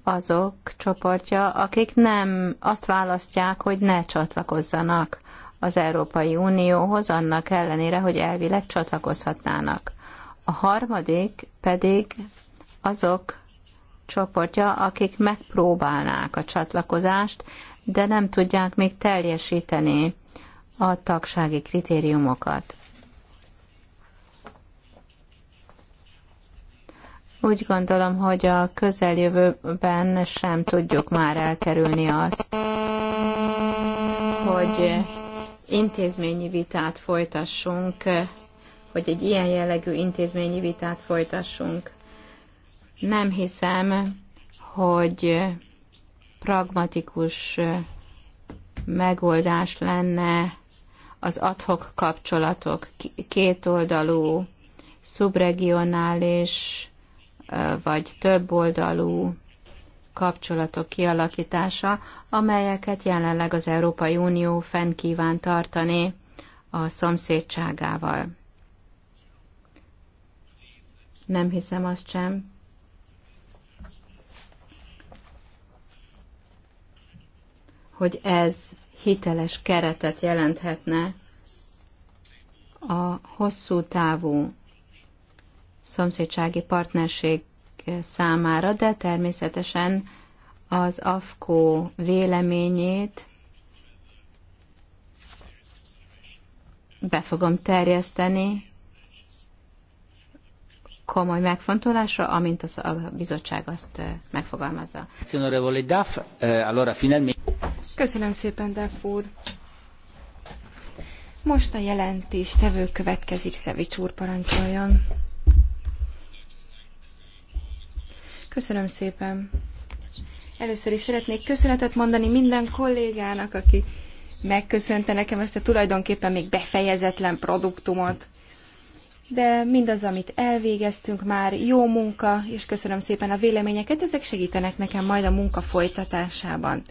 azok csoportja, akik nem azt választják, hogy ne csatlakozzanak az Európai Unióhoz, annak ellenére, hogy elvileg csatlakozhatnának. A harmadik pedig azok csoportja, akik megpróbálnák a csatlakozást, de nem tudják még teljesíteni a tagsági kritériumokat. Úgy gondolom, hogy a közeljövőben sem tudjuk már elkerülni azt, hogy intézményi vitát folytassunk hogy egy ilyen jellegű intézményi vitát folytassunk. Nem hiszem, hogy pragmatikus megoldás lenne az adhok kapcsolatok, kétoldalú, szubregionális vagy többoldalú kapcsolatok kialakítása, amelyeket jelenleg az Európai Unió fenn kíván tartani a szomszédságával. Nem hiszem azt sem. hogy ez hiteles keretet jelenthetne a hosszú távú szomszédsági partnerség számára, de természetesen az AFKO véleményét be fogom terjeszteni komoly megfontolásra, amint az a bizottság azt eh, megfogalmazza. Eh, Köszönöm szépen, Duff úr. Most a jelentés tevő következik, Szevics úr parancsoljon. Köszönöm szépen. Először is szeretnék köszönetet mondani minden kollégának, aki megköszönte nekem ezt a tulajdonképpen még befejezetlen produktumot de mindaz, amit elvégeztünk már, jó munka, és köszönöm szépen a véleményeket, ezek segítenek nekem majd a munka folytatásában.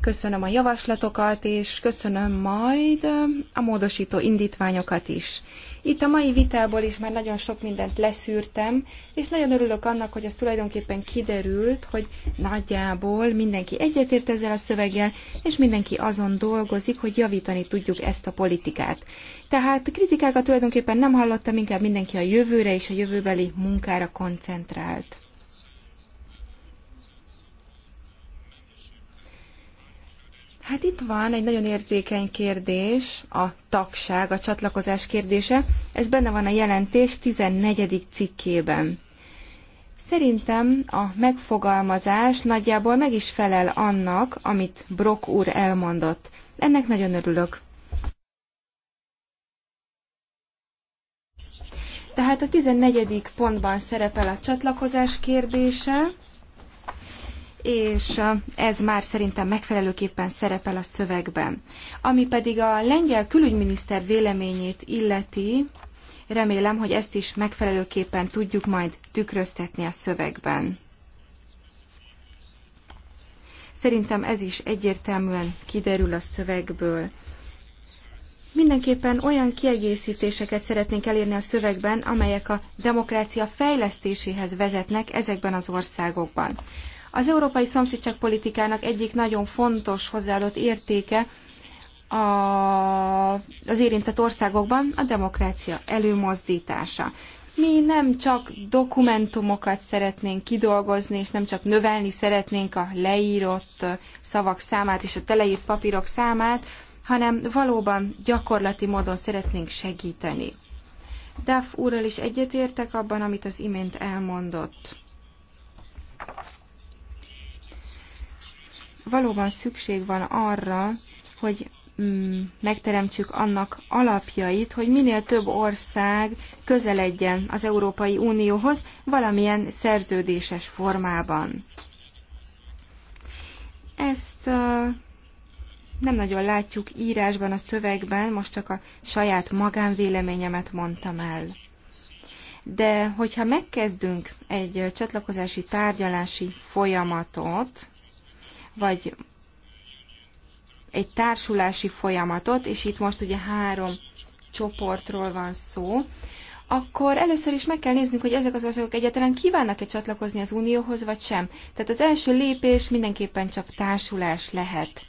Köszönöm a javaslatokat, és köszönöm majd eh, a módosító indítványokat is. Itt a mai vitából is már nagyon sok mindent leszűrtem, és nagyon örülök annak, hogy ez tulajdonképpen kiderült, hogy nagyjából mindenki egyetért ezzel a szöveggel, és mindenki azon dolgozik, hogy javítani tudjuk ezt a politikát. Tehát kritikákat tulajdonképpen nem hallottam, inkább mindenki a jövőre és a jövőbeli munkára koncentrált. Hát itt van egy nagyon érzékeny kérdés, a tagság, a csatlakozás kérdése. Ez benne van a jelentés 14. cikkében. Szerintem a megfogalmazás nagyjából meg is felel annak, amit Brock úr elmondott. Ennek nagyon örülök. Tehát a 14. pontban szerepel a csatlakozás kérdése, és ez már szerintem megfelelőképpen szerepel a szövegben. Ami pedig a lengyel külügyminiszter véleményét illeti, remélem, hogy ezt is megfelelőképpen tudjuk majd tükröztetni a szövegben. Szerintem ez is egyértelműen kiderül a szövegből. Mindenképpen olyan kiegészítéseket szeretnénk elérni a szövegben, amelyek a demokrácia fejlesztéséhez vezetnek ezekben az országokban. Az európai szomszédságpolitikának egyik nagyon fontos hozzáadott értéke a, az érintett országokban a demokrácia előmozdítása. Mi nem csak dokumentumokat szeretnénk kidolgozni, és nem csak növelni szeretnénk a leírott szavak számát és a teleírt papírok számát, hanem valóban gyakorlati módon szeretnénk segíteni. Duff úrral is egyetértek abban, amit az imént elmondott. Valóban szükség van arra, hogy mm, megteremtsük annak alapjait, hogy minél több ország közeledjen az Európai Unióhoz valamilyen szerződéses formában. Ezt nem nagyon látjuk írásban, a szövegben, most csak a saját magánvéleményemet mondtam el. De hogyha megkezdünk egy csatlakozási tárgyalási folyamatot, vagy egy társulási folyamatot, és itt most ugye három csoportról van szó, akkor először is meg kell néznünk, hogy ezek az országok egyáltalán kívánnak-e csatlakozni az Unióhoz, vagy sem. Tehát az első lépés mindenképpen csak társulás lehet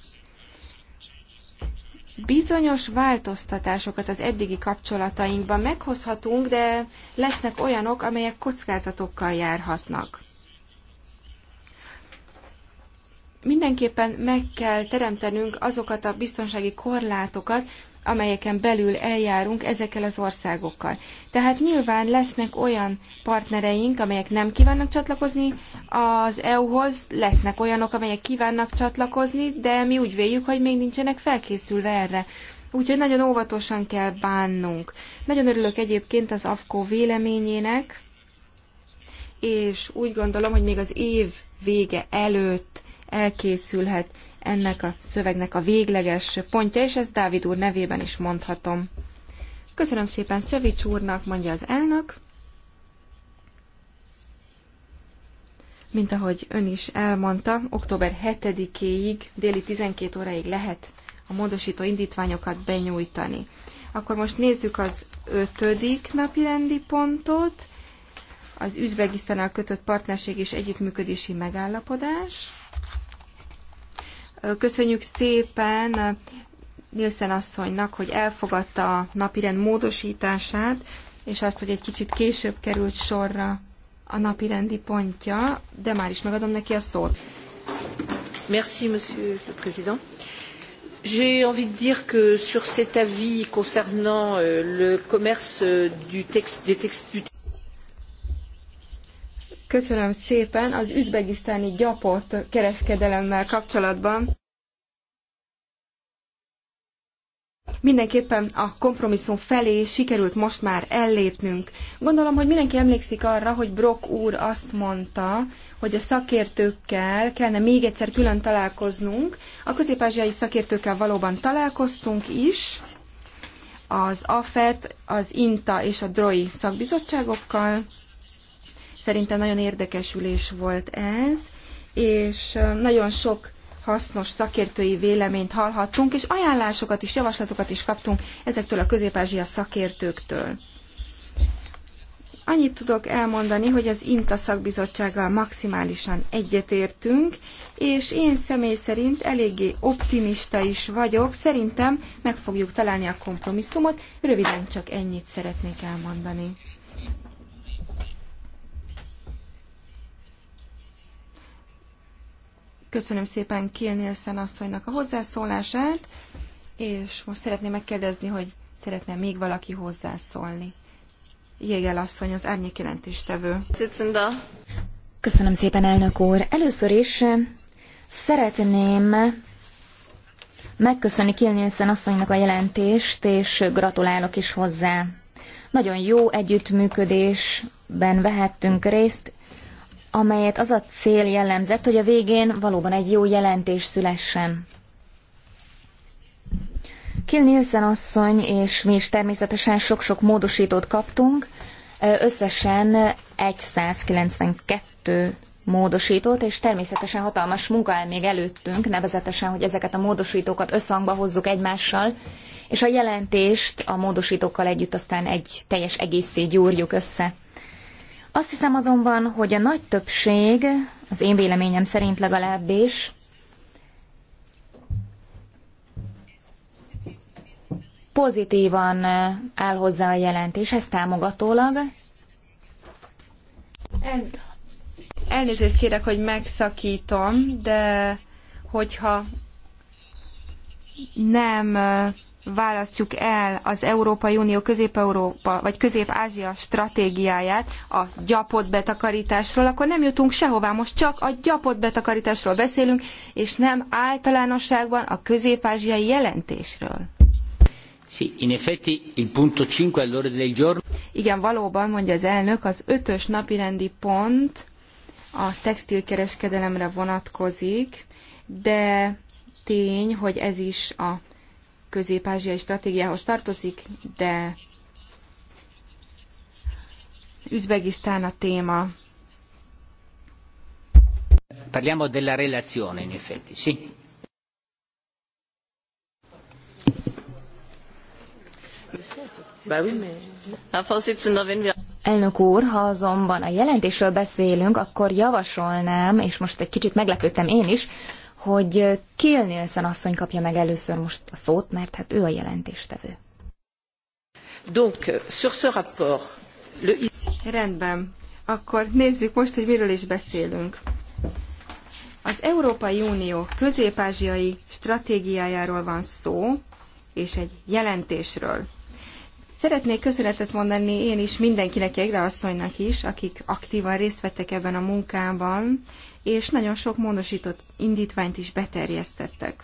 bizonyos változtatásokat az eddigi kapcsolatainkban meghozhatunk, de lesznek olyanok, amelyek kockázatokkal járhatnak. Mindenképpen meg kell teremtenünk azokat a biztonsági korlátokat, amelyeken belül eljárunk ezekkel az országokkal. Tehát nyilván lesznek olyan partnereink, amelyek nem kívánnak csatlakozni az EU-hoz, lesznek olyanok, amelyek kívánnak csatlakozni, de mi úgy véljük, hogy még nincsenek felkészülve erre. Úgyhogy nagyon óvatosan kell bánnunk. Nagyon örülök egyébként az AFKO véleményének, és úgy gondolom, hogy még az év vége előtt elkészülhet ennek a szövegnek a végleges pontja, és ezt Dávid úr nevében is mondhatom. Köszönöm szépen Szevics úrnak, mondja az elnök. Mint ahogy ön is elmondta, október 7-éig, déli 12 óráig lehet a módosító indítványokat benyújtani. Akkor most nézzük az ötödik napi rendi pontot, az Üzbegisztánnal kötött partnerség és együttműködési megállapodás. Köszönjük szépen Nielsen asszonynak, hogy elfogadta a napirend módosítását, és azt, hogy egy kicsit később került sorra a napirendi pontja, de már is megadom neki a szót. Merci, monsieur le président. J'ai envie de dire que sur cet avis concernant euh, le commerce euh, du texte, des Köszönöm szépen az üzbegisztáni gyapott kereskedelemmel kapcsolatban. Mindenképpen a kompromisszum felé sikerült most már ellépnünk. Gondolom, hogy mindenki emlékszik arra, hogy Brock úr azt mondta, hogy a szakértőkkel kellene még egyszer külön találkoznunk. A közép szakértőkkel valóban találkoztunk is, az AFET, az INTA és a DROI szakbizottságokkal, Szerintem nagyon érdekes ülés volt ez, és nagyon sok hasznos szakértői véleményt hallhattunk, és ajánlásokat is, javaslatokat is kaptunk ezektől a közép szakértőktől. Annyit tudok elmondani, hogy az INTA szakbizottsággal maximálisan egyetértünk, és én személy szerint eléggé optimista is vagyok. Szerintem meg fogjuk találni a kompromisszumot. Röviden csak ennyit szeretnék elmondani. Köszönöm szépen Kiel Nielsen asszonynak a hozzászólását, és most szeretném megkérdezni, hogy szeretne még valaki hozzászólni. Jégel asszony, az árnyék jelentéstevő. Köszönöm szépen, elnök úr. Először is eh, szeretném megköszönni Kiel Nielsen asszonynak a jelentést, és gratulálok is hozzá. Nagyon jó együttműködésben vehettünk részt, amelyet az a cél jellemzett, hogy a végén valóban egy jó jelentés szülessen. Kill Nielsen asszony és mi is természetesen sok-sok módosítót kaptunk, összesen 192 módosítót, és természetesen hatalmas munka el még előttünk, nevezetesen, hogy ezeket a módosítókat összhangba hozzuk egymással, és a jelentést a módosítókkal együtt aztán egy teljes egészé gyúrjuk össze. Azt hiszem azonban, hogy a nagy többség, az én véleményem szerint legalábbis, pozitívan áll hozzá a jelentéshez, támogatólag. elnézést kérek, hogy megszakítom, de hogyha nem választjuk el az Európai Unió Közép-Európa vagy Közép-Ázsia stratégiáját a gyapot betakarításról, akkor nem jutunk sehová. Most csak a gyapot betakarításról beszélünk, és nem általánosságban a közép-ázsiai jelentésről. Sí, in effetti il punto 5 all'ordine del giorno. Igen, valóban, mondja az elnök, az ötös napirendi pont a textilkereskedelemre vonatkozik, de tény, hogy ez is a közép-ázsiai stratégiához tartozik, de Üzbegisztán a téma. Parliamo della relazione, in effetti, sì. Elnök úr, ha azonban a jelentésről beszélünk, akkor javasolnám, és most egy kicsit meglepődtem én is, hogy Kill Nielsen asszony kapja meg először most a szót, mert hát ő a jelentéstevő. Donc, sur ce rapport, le... Rendben. Akkor nézzük most, hogy miről is beszélünk. Az Európai Unió közép-ázsiai stratégiájáról van szó, és egy jelentésről. Szeretnék köszönetet mondani én is mindenkinek, Egre asszonynak is, akik aktívan részt vettek ebben a munkában, és nagyon sok módosított indítványt is beterjesztettek.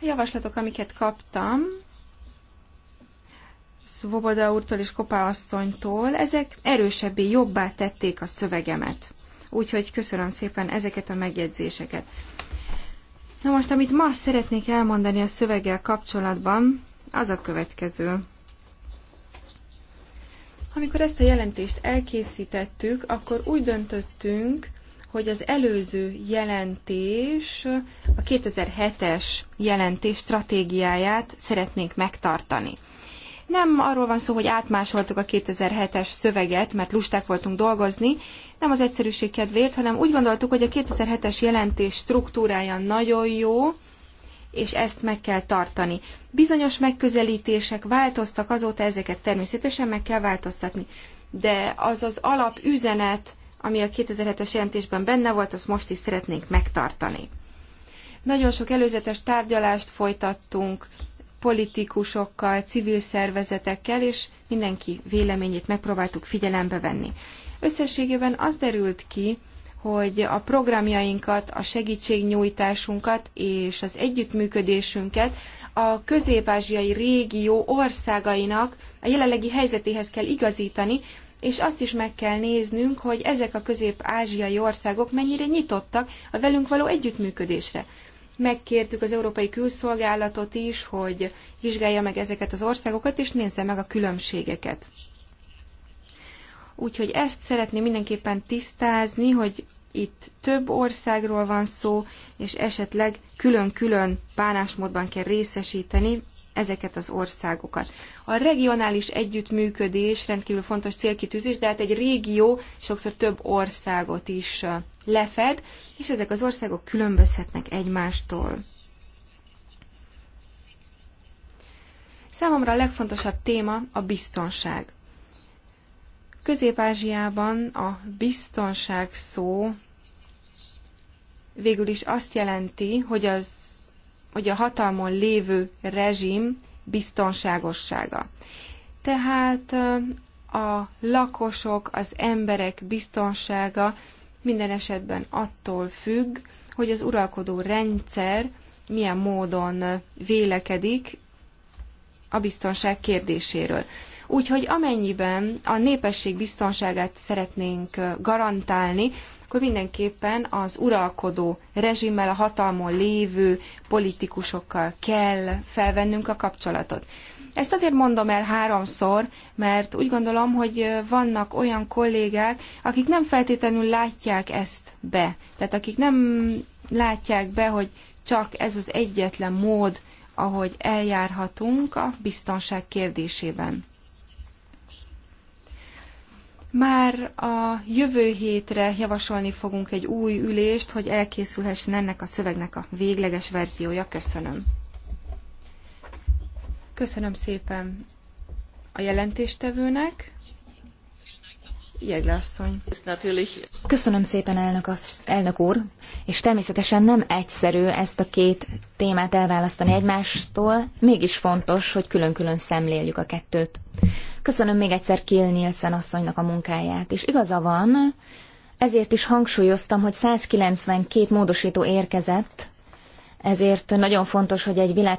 A javaslatok, amiket kaptam, Svoboda úrtól és Kopá asszonytól, ezek erősebbé, jobbá tették a szövegemet. Úgyhogy köszönöm szépen ezeket a megjegyzéseket. Na most, amit ma szeretnék elmondani a szöveggel kapcsolatban, az a következő. Amikor ezt a jelentést elkészítettük, akkor úgy döntöttünk, hogy az előző jelentés, a 2007-es jelentés stratégiáját szeretnénk megtartani. Nem arról van szó, hogy átmásoltuk a 2007-es szöveget, mert lusták voltunk dolgozni, nem az egyszerűség kedvéért, hanem úgy gondoltuk, hogy a 2007-es jelentés struktúrája nagyon jó, és ezt meg kell tartani. Bizonyos megközelítések változtak azóta, ezeket természetesen meg kell változtatni. De az az alapüzenet, ami a 2007-es jelentésben benne volt, azt most is szeretnénk megtartani. Nagyon sok előzetes tárgyalást folytattunk politikusokkal, civil szervezetekkel, és mindenki véleményét megpróbáltuk figyelembe venni. Összességében az derült ki, hogy a programjainkat, a segítségnyújtásunkat és az együttműködésünket a közép-ázsiai régió országainak a jelenlegi helyzetéhez kell igazítani, és azt is meg kell néznünk, hogy ezek a közép-ázsiai országok mennyire nyitottak a velünk való együttműködésre. Megkértük az Európai Külszolgálatot is, hogy vizsgálja meg ezeket az országokat, és nézze meg a különbségeket. Úgyhogy ezt szeretném mindenképpen tisztázni, hogy itt több országról van szó, és esetleg külön-külön bánásmódban kell részesíteni ezeket az országokat. A regionális együttműködés rendkívül fontos célkitűzés, de hát egy régió sokszor több országot is lefed, és ezek az országok különbözhetnek egymástól. Számomra a legfontosabb téma a biztonság. Közép-Ázsiában a biztonság szó végül is azt jelenti, hogy, az, hogy a hatalmon lévő rezsim biztonságossága. Tehát a lakosok, az emberek biztonsága minden esetben attól függ, hogy az uralkodó rendszer milyen módon vélekedik a biztonság kérdéséről. Úgyhogy amennyiben a népesség biztonságát szeretnénk garantálni, akkor mindenképpen az uralkodó rezsimmel, a hatalmon lévő politikusokkal kell felvennünk a kapcsolatot. Ezt azért mondom el háromszor, mert úgy gondolom, hogy vannak olyan kollégák, akik nem feltétlenül látják ezt be. Tehát akik nem látják be, hogy csak ez az egyetlen mód, ahogy eljárhatunk a biztonság kérdésében. Már a jövő hétre javasolni fogunk egy új ülést, hogy elkészülhessen ennek a szövegnek a végleges verziója. Köszönöm. Köszönöm szépen a jelentéstevőnek. Köszönöm szépen, elnök, az, elnök úr, és természetesen nem egyszerű ezt a két témát elválasztani egymástól, mégis fontos, hogy külön-külön szemléljük a kettőt. Köszönöm még egyszer Kill Nielsen asszonynak a munkáját, és igaza van, ezért is hangsúlyoztam, hogy 192 módosító érkezett, ezért nagyon fontos, hogy egy világ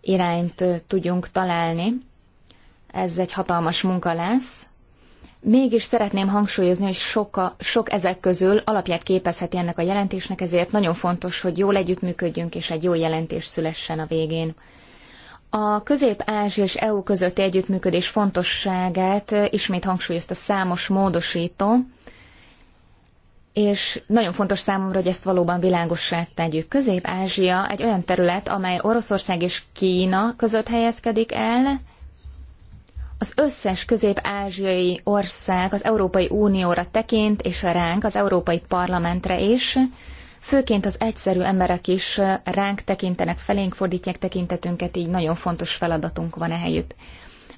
irányt tudjunk találni. Ez egy hatalmas munka lesz, Mégis szeretném hangsúlyozni, hogy soka, sok ezek közül alapját képezheti ennek a jelentésnek, ezért nagyon fontos, hogy jól együttműködjünk, és egy jó jelentés szülessen a végén. A Közép-Ázsia és EU közötti együttműködés fontosságát ismét hangsúlyozta számos módosító, és nagyon fontos számomra, hogy ezt valóban világossá tegyük. Közép-Ázsia egy olyan terület, amely Oroszország és Kína között helyezkedik el, az összes közép-ázsiai ország az Európai Unióra tekint, és ránk, az Európai Parlamentre is, főként az egyszerű emberek is ránk tekintenek, felénk fordítják tekintetünket, így nagyon fontos feladatunk van ehelyütt.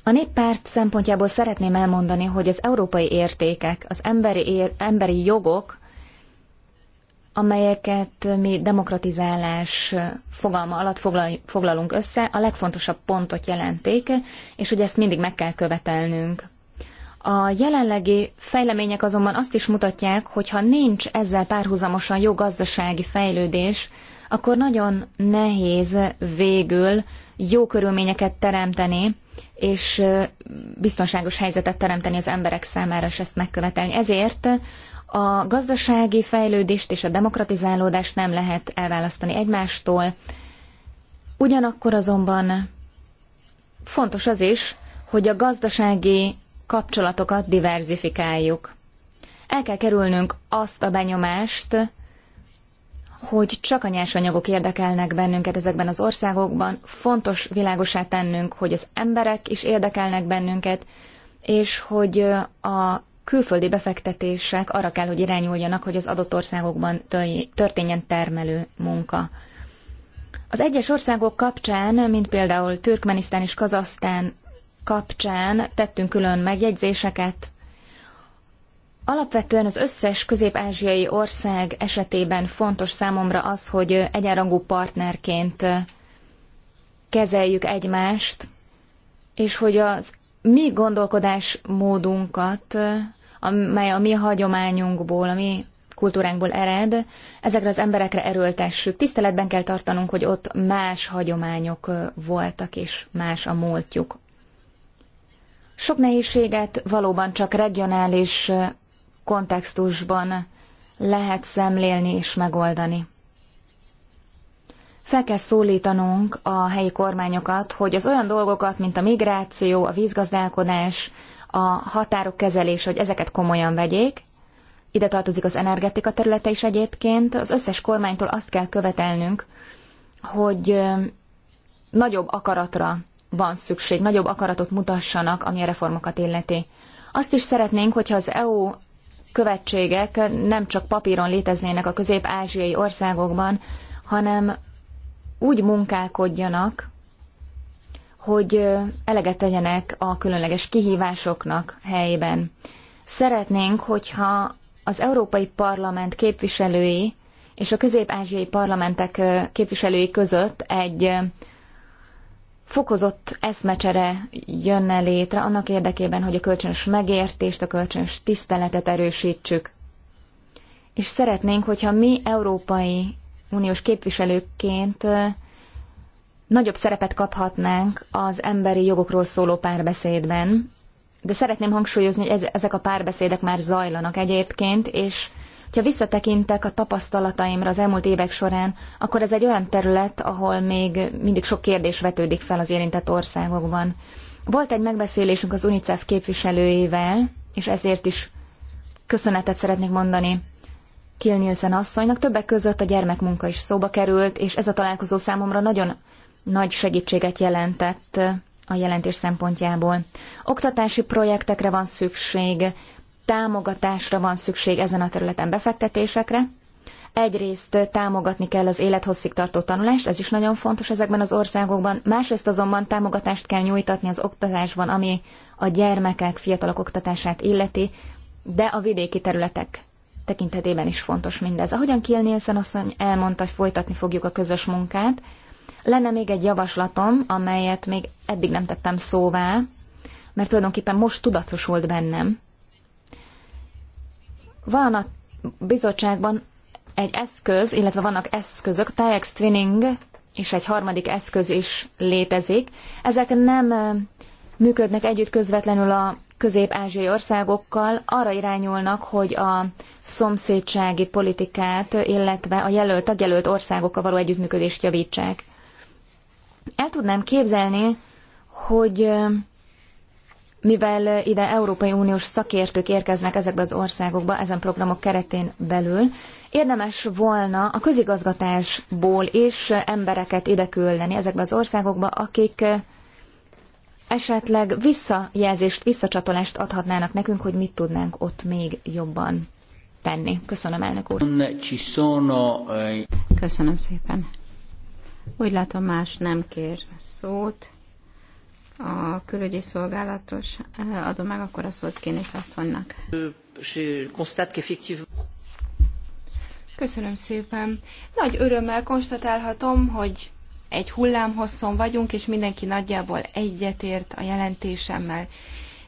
A néppárt szempontjából szeretném elmondani, hogy az európai értékek, az emberi, ér, emberi jogok amelyeket mi demokratizálás fogalma alatt foglalunk össze, a legfontosabb pontot jelenték, és hogy ezt mindig meg kell követelnünk. A jelenlegi fejlemények azonban azt is mutatják, hogy ha nincs ezzel párhuzamosan jó gazdasági fejlődés, akkor nagyon nehéz végül jó körülményeket teremteni, és biztonságos helyzetet teremteni az emberek számára, és ezt megkövetelni. Ezért a gazdasági fejlődést és a demokratizálódást nem lehet elválasztani egymástól, ugyanakkor azonban fontos az is, hogy a gazdasági kapcsolatokat diverzifikáljuk. El kell kerülnünk azt a benyomást, hogy csak a nyersanyagok érdekelnek bennünket ezekben az országokban, fontos világosá tennünk, hogy az emberek is érdekelnek bennünket, és hogy a külföldi befektetések arra kell, hogy irányuljanak, hogy az adott országokban történjen termelő munka. Az egyes országok kapcsán, mint például Türkmenisztán és Kazasztán kapcsán tettünk külön megjegyzéseket. Alapvetően az összes közép-ázsiai ország esetében fontos számomra az, hogy egyenrangú partnerként kezeljük egymást, és hogy az mi gondolkodásmódunkat amely a mi hagyományunkból, a mi kultúránkból ered, ezekre az emberekre erőltessük. Tiszteletben kell tartanunk, hogy ott más hagyományok voltak, és más a múltjuk. Sok nehézséget valóban csak regionális kontextusban lehet szemlélni és megoldani. Fel kell szólítanunk a helyi kormányokat, hogy az olyan dolgokat, mint a migráció, a vízgazdálkodás, a határok kezelése, hogy ezeket komolyan vegyék. Ide tartozik az energetika területe is egyébként. Az összes kormánytól azt kell követelnünk, hogy nagyobb akaratra van szükség, nagyobb akaratot mutassanak, ami a reformokat illeti. Azt is szeretnénk, hogyha az EU követségek nem csak papíron léteznének a közép-ázsiai országokban, hanem úgy munkálkodjanak, hogy eleget tegyenek a különleges kihívásoknak helyben. Szeretnénk, hogyha az Európai Parlament képviselői és a közép-ázsiai parlamentek képviselői között egy fokozott eszmecsere jönne létre annak érdekében, hogy a kölcsönös megértést, a kölcsönös tiszteletet erősítsük. És szeretnénk, hogyha mi európai uniós képviselőként nagyobb szerepet kaphatnánk az emberi jogokról szóló párbeszédben, de szeretném hangsúlyozni, hogy ezek a párbeszédek már zajlanak egyébként, és ha visszatekintek a tapasztalataimra az elmúlt évek során, akkor ez egy olyan terület, ahol még mindig sok kérdés vetődik fel az érintett országokban. Volt egy megbeszélésünk az UNICEF képviselőjével, és ezért is köszönetet szeretnék mondani Kill Nielsen asszonynak. Többek között a gyermekmunka is szóba került, és ez a találkozó számomra nagyon nagy segítséget jelentett a jelentés szempontjából. Oktatási projektekre van szükség, támogatásra van szükség ezen a területen befektetésekre. Egyrészt támogatni kell az élethosszig tartó tanulást, ez is nagyon fontos ezekben az országokban, másrészt azonban támogatást kell nyújtatni az oktatásban, ami a gyermekek, fiatalok oktatását illeti, de a vidéki területek tekintetében is fontos mindez. Ahogyan Kiel Nielsen asszony elmondta, hogy folytatni fogjuk a közös munkát, lenne még egy javaslatom, amelyet még eddig nem tettem szóvá, mert tulajdonképpen most tudatosult bennem. Van a bizottságban egy eszköz, illetve vannak eszközök, TAEX Twinning és egy harmadik eszköz is létezik. Ezek nem működnek együtt közvetlenül a közép-ázsiai országokkal, arra irányulnak, hogy a szomszédsági politikát, illetve a jelölt, tagjelölt országokkal való együttműködést javítsák. El tudnám képzelni, hogy mivel ide Európai Uniós szakértők érkeznek ezekbe az országokba, ezen programok keretén belül, érdemes volna a közigazgatásból is embereket ide küldeni ezekbe az országokba, akik esetleg visszajelzést, visszacsatolást adhatnának nekünk, hogy mit tudnánk ott még jobban tenni. Köszönöm, elnök úr. Eh, Köszönöm szépen. Úgy látom, más nem kér szót. A külügyi szolgálatos eh, adom meg, akkor a szót azt asszonynak. Köszönöm szépen. Nagy örömmel konstatálhatom, hogy egy hullámhosszon vagyunk, és mindenki nagyjából egyetért a jelentésemmel.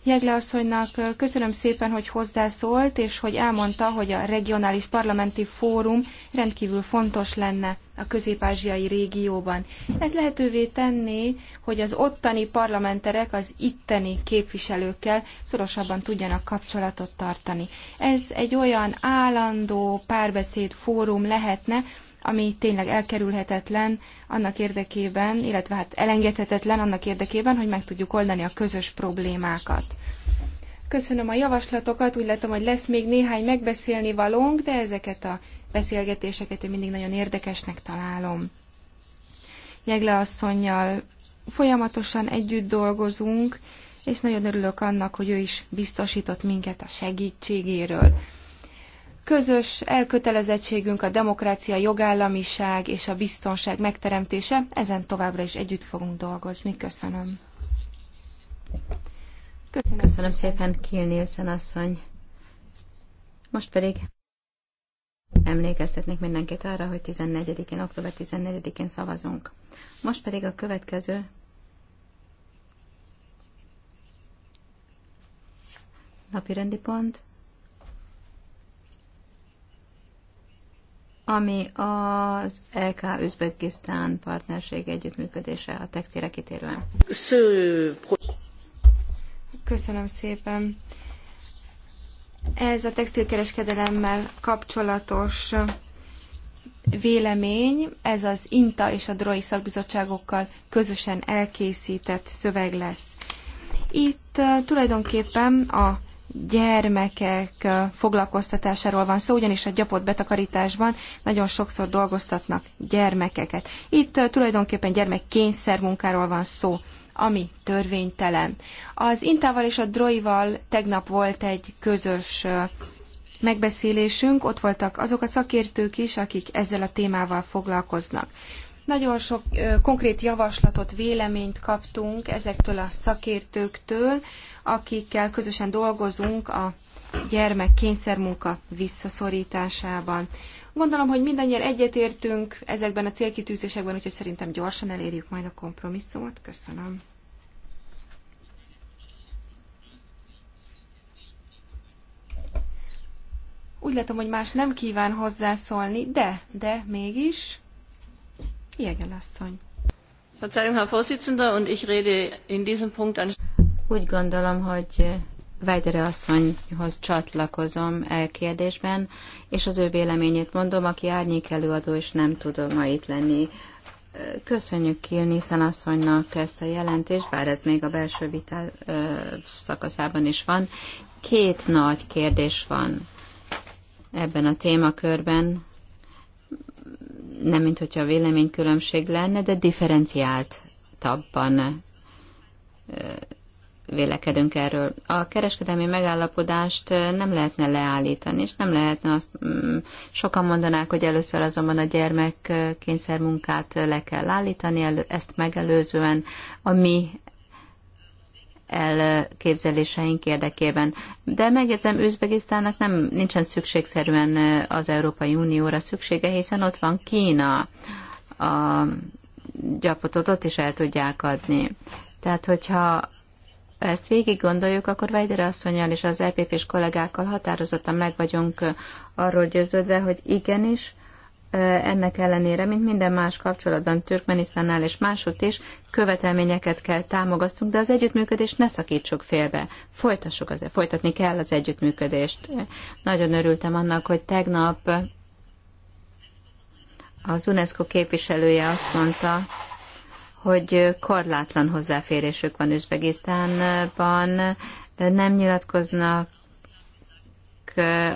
Jegle asszonynak köszönöm szépen, hogy hozzászólt, és hogy elmondta, hogy a regionális parlamenti fórum rendkívül fontos lenne a közép-ázsiai régióban. Ez lehetővé tenné, hogy az ottani parlamenterek az itteni képviselőkkel szorosabban tudjanak kapcsolatot tartani. Ez egy olyan állandó párbeszéd fórum lehetne, ami tényleg elkerülhetetlen annak érdekében, illetve hát elengedhetetlen annak érdekében, hogy meg tudjuk oldani a közös problémákat. Köszönöm a javaslatokat, úgy látom, hogy lesz még néhány megbeszélni valónk, de ezeket a beszélgetéseket én mindig nagyon érdekesnek találom. Jegle asszonynal folyamatosan együtt dolgozunk, és nagyon örülök annak, hogy ő is biztosított minket a segítségéről. Közös elkötelezettségünk a demokrácia, jogállamiság és a biztonság megteremtése, ezen továbbra is együtt fogunk dolgozni. Köszönöm. Köszönöm, Köszönöm szépen, Kiel Nielsen asszony. Most pedig emlékeztetnék mindenkit arra, hogy 14-én, október 14-én szavazunk. Most pedig a következő napi rendi pont. ami az LK Üzbegisztán partnerség együttműködése a textére kitérően. Köszönöm szépen. Ez a textilkereskedelemmel kapcsolatos vélemény, ez az INTA és a DROI szakbizottságokkal közösen elkészített szöveg lesz. Itt uh, tulajdonképpen a gyermekek foglalkoztatásáról van szó, ugyanis a gyapott betakarításban nagyon sokszor dolgoztatnak gyermekeket. Itt tulajdonképpen gyermek kényszermunkáról van szó, ami törvénytelen. Az Intával és a Droival tegnap volt egy közös megbeszélésünk, ott voltak azok a szakértők is, akik ezzel a témával foglalkoznak. Nagyon sok konkrét javaslatot, véleményt kaptunk ezektől a szakértőktől, akikkel közösen dolgozunk a gyermek kényszermunka visszaszorításában. Gondolom, hogy mindannyian egyetértünk ezekben a célkitűzésekben, úgyhogy szerintem gyorsan elérjük majd a kompromisszumot. Köszönöm. Úgy látom, hogy más nem kíván hozzászólni, de, de mégis asszony. Úgy gondolom, hogy Weidere asszonyhoz csatlakozom e kérdésben, és az ő véleményét mondom, aki árnyék előadó, és nem tudom ma itt lenni. Köszönjük Kill Nissen asszonynak ezt a jelentést, bár ez még a belső vita szakaszában is van. Két nagy kérdés van ebben a témakörben, nem mint hogyha véleménykülönbség lenne, de differenciáltabban vélekedünk erről. A kereskedelmi megállapodást nem lehetne leállítani, és nem lehetne azt, mm, sokan mondanák, hogy először azonban a gyermek kényszermunkát le kell állítani, ezt megelőzően a mi elképzeléseink érdekében. De megjegyzem, Üzbegisztánnak nem nincsen szükségszerűen az Európai Unióra szüksége, hiszen ott van Kína. A gyapotot ott is el tudják adni. Tehát, hogyha ezt végig gondoljuk, akkor Vajdere asszonyjal és az EPP-s kollégákkal határozottan meg vagyunk arról győződve, hogy igenis, ennek ellenére, mint minden más kapcsolatban Türkmenisztánnál és máshogy is, követelményeket kell támogatnunk, de az együttműködést ne szakítsuk félbe. Folytassuk az, folytatni kell az együttműködést. Nagyon örültem annak, hogy tegnap az UNESCO képviselője azt mondta, hogy korlátlan hozzáférésük van Üzbegisztánban, nem nyilatkoznak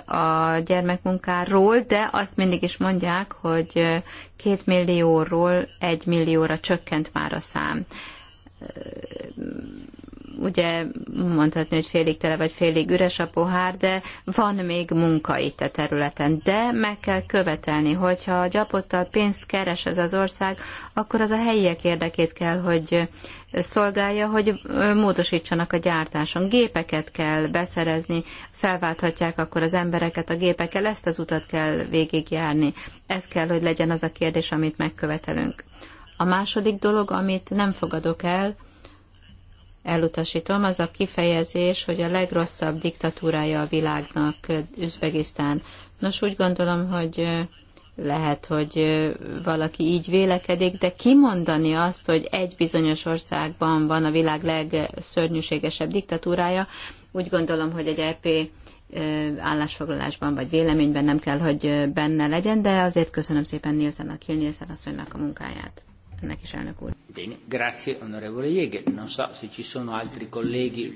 a gyermekmunkáról, de azt mindig is mondják, hogy két millióról egy millióra csökkent már a szám ugye mondhatni, hogy félig tele vagy félig üres a pohár, de van még munka itt a területen. De meg kell követelni, hogyha a gyapottal pénzt keres ez az ország, akkor az a helyiek érdekét kell, hogy szolgálja, hogy módosítsanak a gyártáson. Gépeket kell beszerezni, felválthatják akkor az embereket a gépekkel, ezt az utat kell végigjárni. Ez kell, hogy legyen az a kérdés, amit megkövetelünk. A második dolog, amit nem fogadok el, elutasítom, az a kifejezés, hogy a legrosszabb diktatúrája a világnak Üzbegisztán. Nos, úgy gondolom, hogy lehet, hogy valaki így vélekedik, de kimondani azt, hogy egy bizonyos országban van a világ legszörnyűségesebb diktatúrája, úgy gondolom, hogy egy EP állásfoglalásban vagy véleményben nem kell, hogy benne legyen, de azért köszönöm szépen Nielsen a Kill Nielsen asszonynak a munkáját is elnök úr.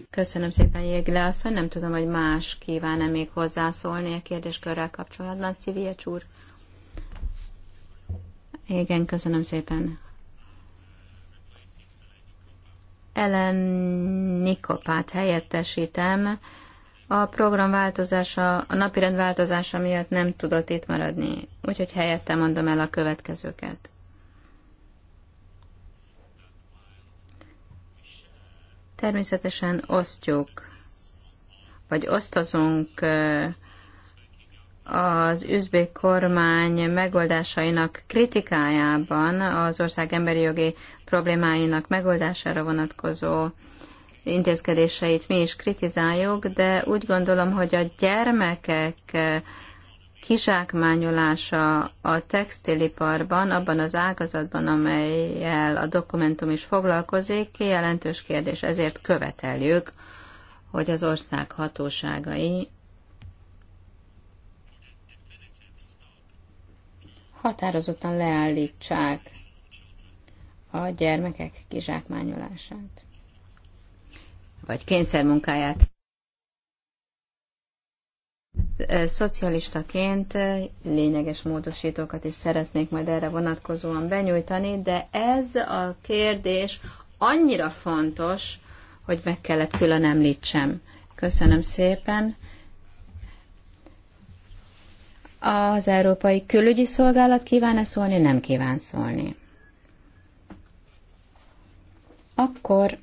Köszönöm szépen, Jégle asszony. Nem tudom, hogy más kíván-e még hozzászólni a kérdéskörrel kapcsolatban. Sziviecs úr. Igen, köszönöm szépen. Ellen Nikopát helyettesítem. A program változása, a napirend változása miatt nem tudott itt maradni, úgyhogy helyette mondom el a következőket. Természetesen osztjuk, vagy osztozunk az üzbék kormány megoldásainak kritikájában az ország emberi jogi problémáinak megoldására vonatkozó intézkedéseit mi is kritizáljuk, de úgy gondolom, hogy a gyermekek kizsákmányolása a textiliparban, abban az ágazatban, amelyel a dokumentum is foglalkozik, jelentős kérdés. Ezért követeljük, hogy az ország hatóságai határozottan leállítsák a gyermekek kizsákmányolását, vagy kényszermunkáját. Szocialistaként lényeges módosítókat is szeretnék majd erre vonatkozóan benyújtani, de ez a kérdés annyira fontos, hogy meg kellett külön említsem. Köszönöm szépen. Az Európai Külügyi Szolgálat kíván-e szólni? Nem kíván szólni. Akkor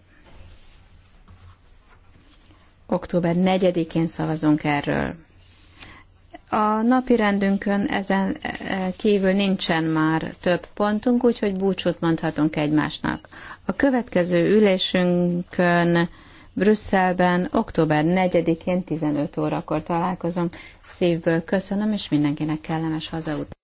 október 4-én szavazunk erről. A napi rendünkön ezen e, kívül nincsen már több pontunk, úgyhogy búcsút mondhatunk egymásnak. A következő ülésünkön Brüsszelben október 4-én 15 órakor találkozunk. Szívből köszönöm, és mindenkinek kellemes hazaut.